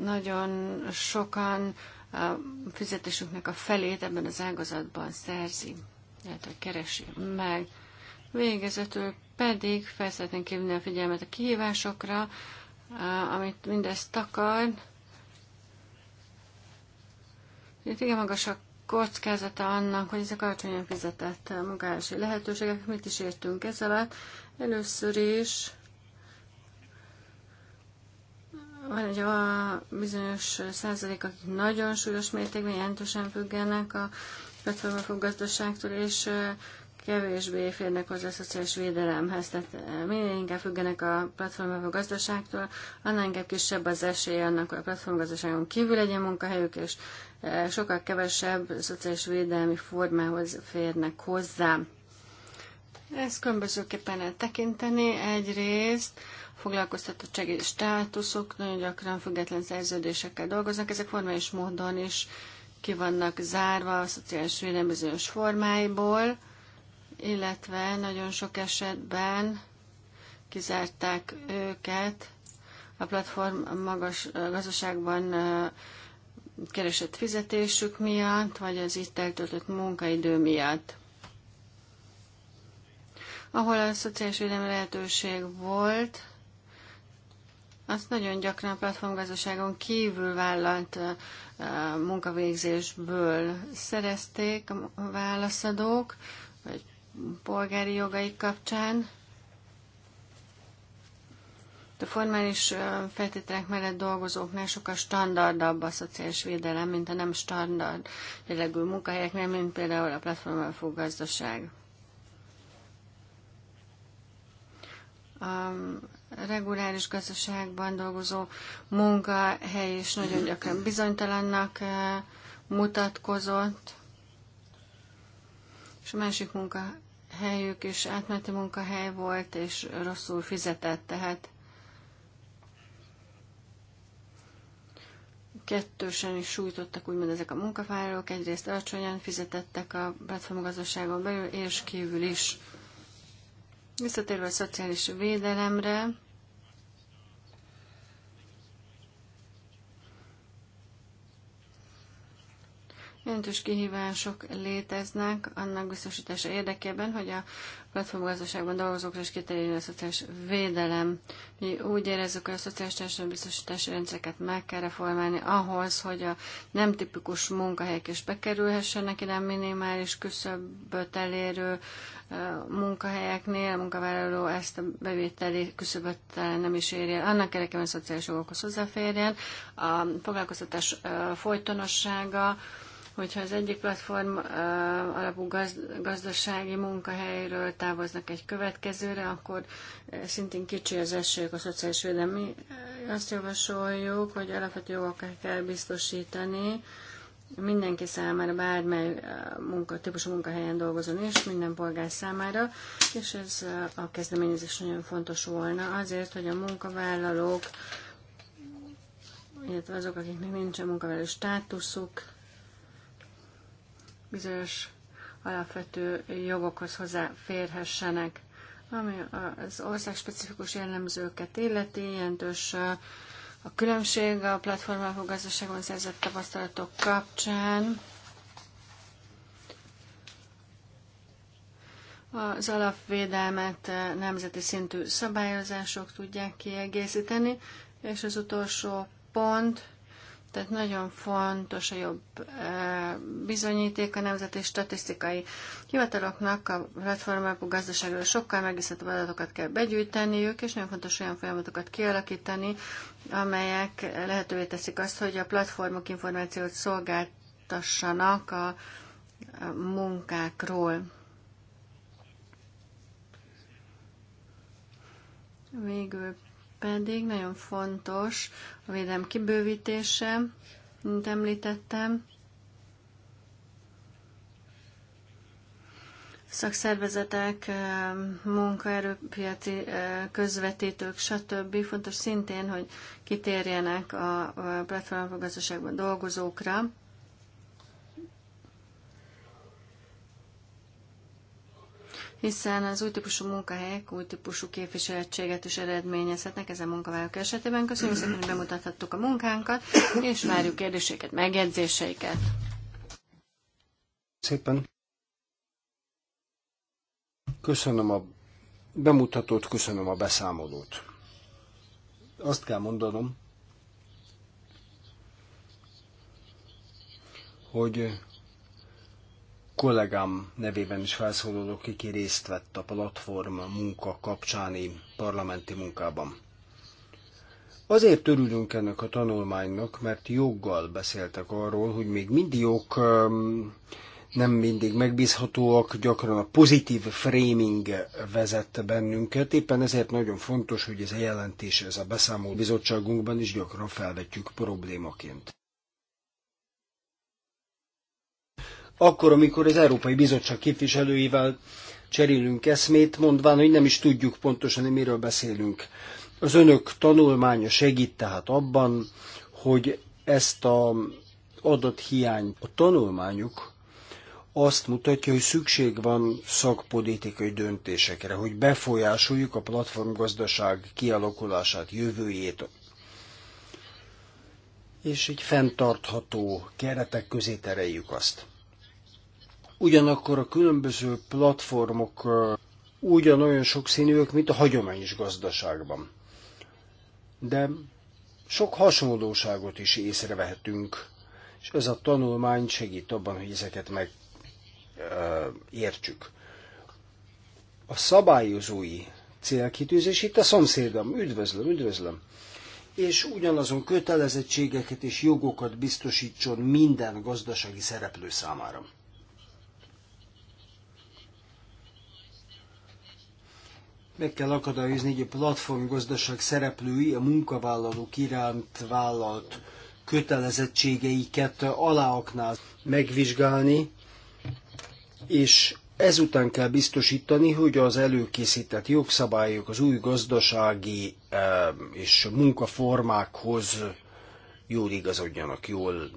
nagyon sokan a fizetésüknek a felét ebben az ágazatban szerzi, illetve keresi meg. Végezetül pedig fel szeretnénk a figyelmet a kihívásokra, amit mindezt takar. Itt igen magas a kockázata annak, hogy ezek alacsonyan fizetett munkálási lehetőségek. Mit is értünk ez alatt? Először is van egy olyan bizonyos százalék, akik nagyon súlyos mértékben jelentősen függenek a platformok gazdaságtól, és kevésbé férnek hozzá a szociális védelemhez, tehát eh, minél inkább függenek a platformok a gazdaságtól, annál inkább kisebb az esély annak, hogy a platformgazdaságon kívül legyen munkahelyük, és eh, sokkal kevesebb szociális védelmi formához férnek hozzá. Ezt különbözőképpen lehet tekinteni. Egyrészt foglalkoztatottsági státuszok nagyon gyakran független szerződésekkel dolgoznak, ezek formális módon is ki vannak zárva a szociális védelem bizonyos formáiból illetve nagyon sok esetben kizárták őket a platform magas gazdaságban keresett fizetésük miatt, vagy az itt eltöltött munkaidő miatt. Ahol a szociális védelmi lehetőség volt, azt nagyon gyakran a platformgazdaságon kívül vállalt munkavégzésből szerezték a válaszadók, vagy polgári jogai kapcsán. A formális feltételek mellett dolgozóknál sokkal standardabb a szociális védelem, mint a nem standard jellegű munkahelyeknél, mint például a platformon fog gazdaság. A reguláris gazdaságban dolgozó munkahely is nagyon gyakran bizonytalannak mutatkozott, és a másik munka munkahelyük is átmeneti munkahely volt, és rosszul fizetett, tehát kettősen is sújtottak úgymond ezek a munkavállalók, egyrészt alacsonyan fizetettek a platformgazdaságon belül és kívül is. Visszatérve a szociális védelemre, Jelentős kihívások léteznek annak biztosítása érdekében, hogy a platformgazdaságban dolgozókra is kiterjedjen a szociális védelem. Mi úgy érezzük, hogy a szociális társadalmi biztosítási rendszereket meg kell reformálni ahhoz, hogy a nem tipikus munkahelyek is bekerülhessenek ide minimális küszöböt elérő munkahelyeknél, a munkavállaló ezt a bevételi küszöböt nem is érje el. Annak érdekében a szociális jogokhoz hozzáférjen. A foglalkoztatás folytonossága, hogyha az egyik platform alapú gazdasági munkahelyről távoznak egy következőre, akkor szintén kicsi az esélyük a szociális védelmi. Azt javasoljuk, hogy alapvető jogokat kell biztosítani mindenki számára, bármely munka, típusú munkahelyen dolgozon is minden polgár számára, és ez a kezdeményezés nagyon fontos volna azért, hogy a munkavállalók, illetve azok, akiknek nincsen munkavállaló státuszuk, bizonyos alapvető jogokhoz hozzáférhessenek. Ami az ország specifikus jellemzőket illeti, jelentős a különbség a platformáló gazdaságon szerzett tapasztalatok kapcsán. Az alapvédelmet nemzeti szintű szabályozások tudják kiegészíteni, és az utolsó pont tehát nagyon fontos a jobb e, bizonyíték a nemzeti statisztikai hivataloknak, a platformok, gazdaságról sokkal megbízhatóbb adatokat kell begyűjteniük, és nagyon fontos olyan folyamatokat kialakítani, amelyek lehetővé teszik azt, hogy a platformok információt szolgáltassanak a munkákról. Végül pedig nagyon fontos a védelem kibővítése, mint említettem. Szakszervezetek, munkaerőpiaci közvetítők, stb. Fontos szintén, hogy kitérjenek a platformgazdaságban dolgozókra. hiszen az új típusú munkahelyek új típusú képviseletséget is eredményezhetnek ezen munkavállalók esetében. Köszönjük szépen, hogy bemutathattuk a munkánkat, és várjuk kérdéseket, megjegyzéseiket. Szépen. Köszönöm a bemutatót, köszönöm a beszámolót. Azt kell mondanom, hogy kollégám nevében is felszólalok, aki részt vett a platform munka kapcsáni parlamenti munkában. Azért örülünk ennek a tanulmánynak, mert joggal beszéltek arról, hogy még mindig jók, nem mindig megbízhatóak, gyakran a pozitív framing vezette bennünket, éppen ezért nagyon fontos, hogy ez a jelentés, ez a beszámoló bizottságunkban is gyakran felvetjük problémaként. akkor, amikor az Európai Bizottság képviselőivel cserélünk eszmét, mondván, hogy nem is tudjuk pontosan, hogy miről beszélünk. Az önök tanulmánya segít tehát abban, hogy ezt a adott hiány, a tanulmányuk azt mutatja, hogy szükség van szakpolitikai döntésekre, hogy befolyásoljuk a platformgazdaság kialakulását, jövőjét. És egy fenntartható keretek közé tereljük azt. Ugyanakkor a különböző platformok ugyanolyan sokszínűek, mint a hagyományos gazdaságban. De sok hasonlóságot is észrevehetünk, és ez a tanulmány segít abban, hogy ezeket megértsük. A szabályozói célkitűzés itt a szomszédom, üdvözlöm, üdvözlöm, és ugyanazon kötelezettségeket és jogokat biztosítson minden gazdasági szereplő számára. meg kell akadályozni, hogy a platformgazdaság szereplői a munkavállalók iránt vállalt kötelezettségeiket aláaknál megvizsgálni, és ezután kell biztosítani, hogy az előkészített jogszabályok az új gazdasági és munkaformákhoz jól igazodjanak, jól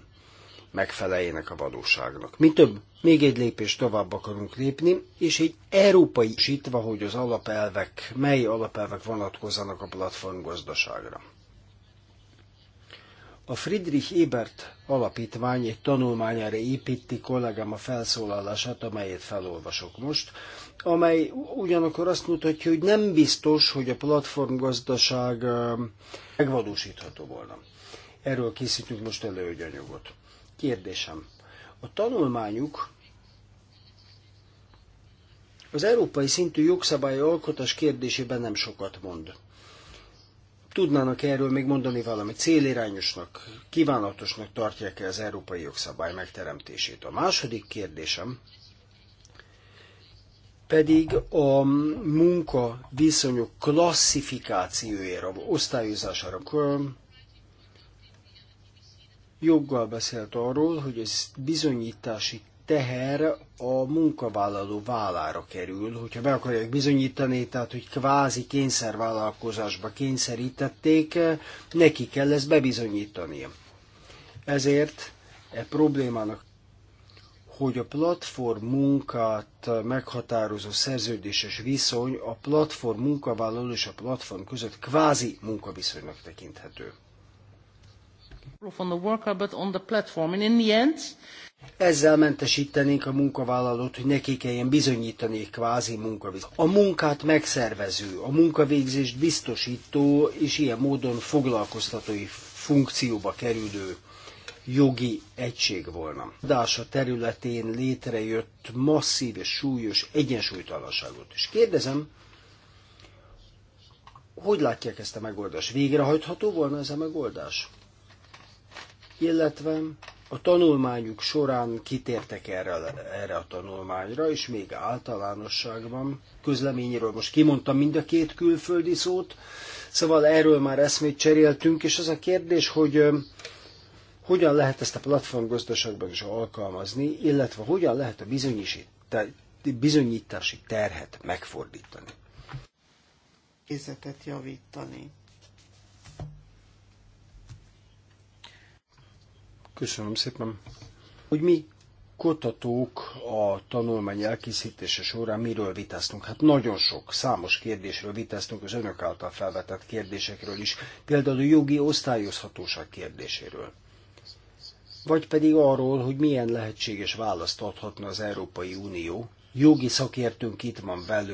megfeleljenek a valóságnak. Mi több, még egy lépés tovább akarunk lépni, és egy európai sítva, hogy az alapelvek, mely alapelvek vonatkozzanak a platformgazdaságra. A Friedrich Ebert alapítvány egy tanulmányára építi kollégám a felszólalását, amelyet felolvasok most, amely ugyanakkor azt mutatja, hogy nem biztos, hogy a platformgazdaság megvalósítható volna. Erről készítünk most előgyanyagot. Kérdésem, a tanulmányuk az európai szintű jogszabály alkotás kérdésében nem sokat mond. Tudnának erről még mondani valamit? Célirányosnak, kívánatosnak tartják-e az európai jogszabály megteremtését? A második kérdésem pedig a munka viszonyok klasszifikációjára, osztályozására joggal beszélt arról, hogy ez bizonyítási teher a munkavállaló vállára kerül, hogyha be akarják bizonyítani, tehát hogy kvázi kényszervállalkozásba kényszerítették, neki kell ezt bebizonyítania. Ezért e problémának hogy a platform munkát meghatározó szerződéses viszony a platform munkavállaló és a platform között kvázi munkaviszonynak tekinthető ezzel mentesítenénk a munkavállalót, hogy neki kelljen bizonyítani egy kvázi munkaviz. A munkát megszervező, a munkavégzést biztosító és ilyen módon foglalkoztatói funkcióba kerülő jogi egység volna. Dása területén létrejött masszív és súlyos egyensúlytalanságot. És kérdezem, hogy látják ezt a megoldást? Végrehajtható volna ez a megoldás? illetve a tanulmányuk során kitértek erre, erre a tanulmányra, és még általánosságban közleményéről most kimondtam mind a két külföldi szót, szóval erről már eszmét cseréltünk, és az a kérdés, hogy hogyan lehet ezt a platformgazdaságban is alkalmazni, illetve hogyan lehet a bizonyítási terhet megfordítani. Kézetet javítani. Köszönöm szépen. Hogy mi kutatók a tanulmány elkészítése során miről vitáztunk? Hát nagyon sok, számos kérdésről vitáztunk az önök által felvetett kérdésekről is, például a jogi osztályozhatóság kérdéséről. Vagy pedig arról, hogy milyen lehetséges választ adhatna az Európai Unió. Jogi szakértőnk itt van velünk.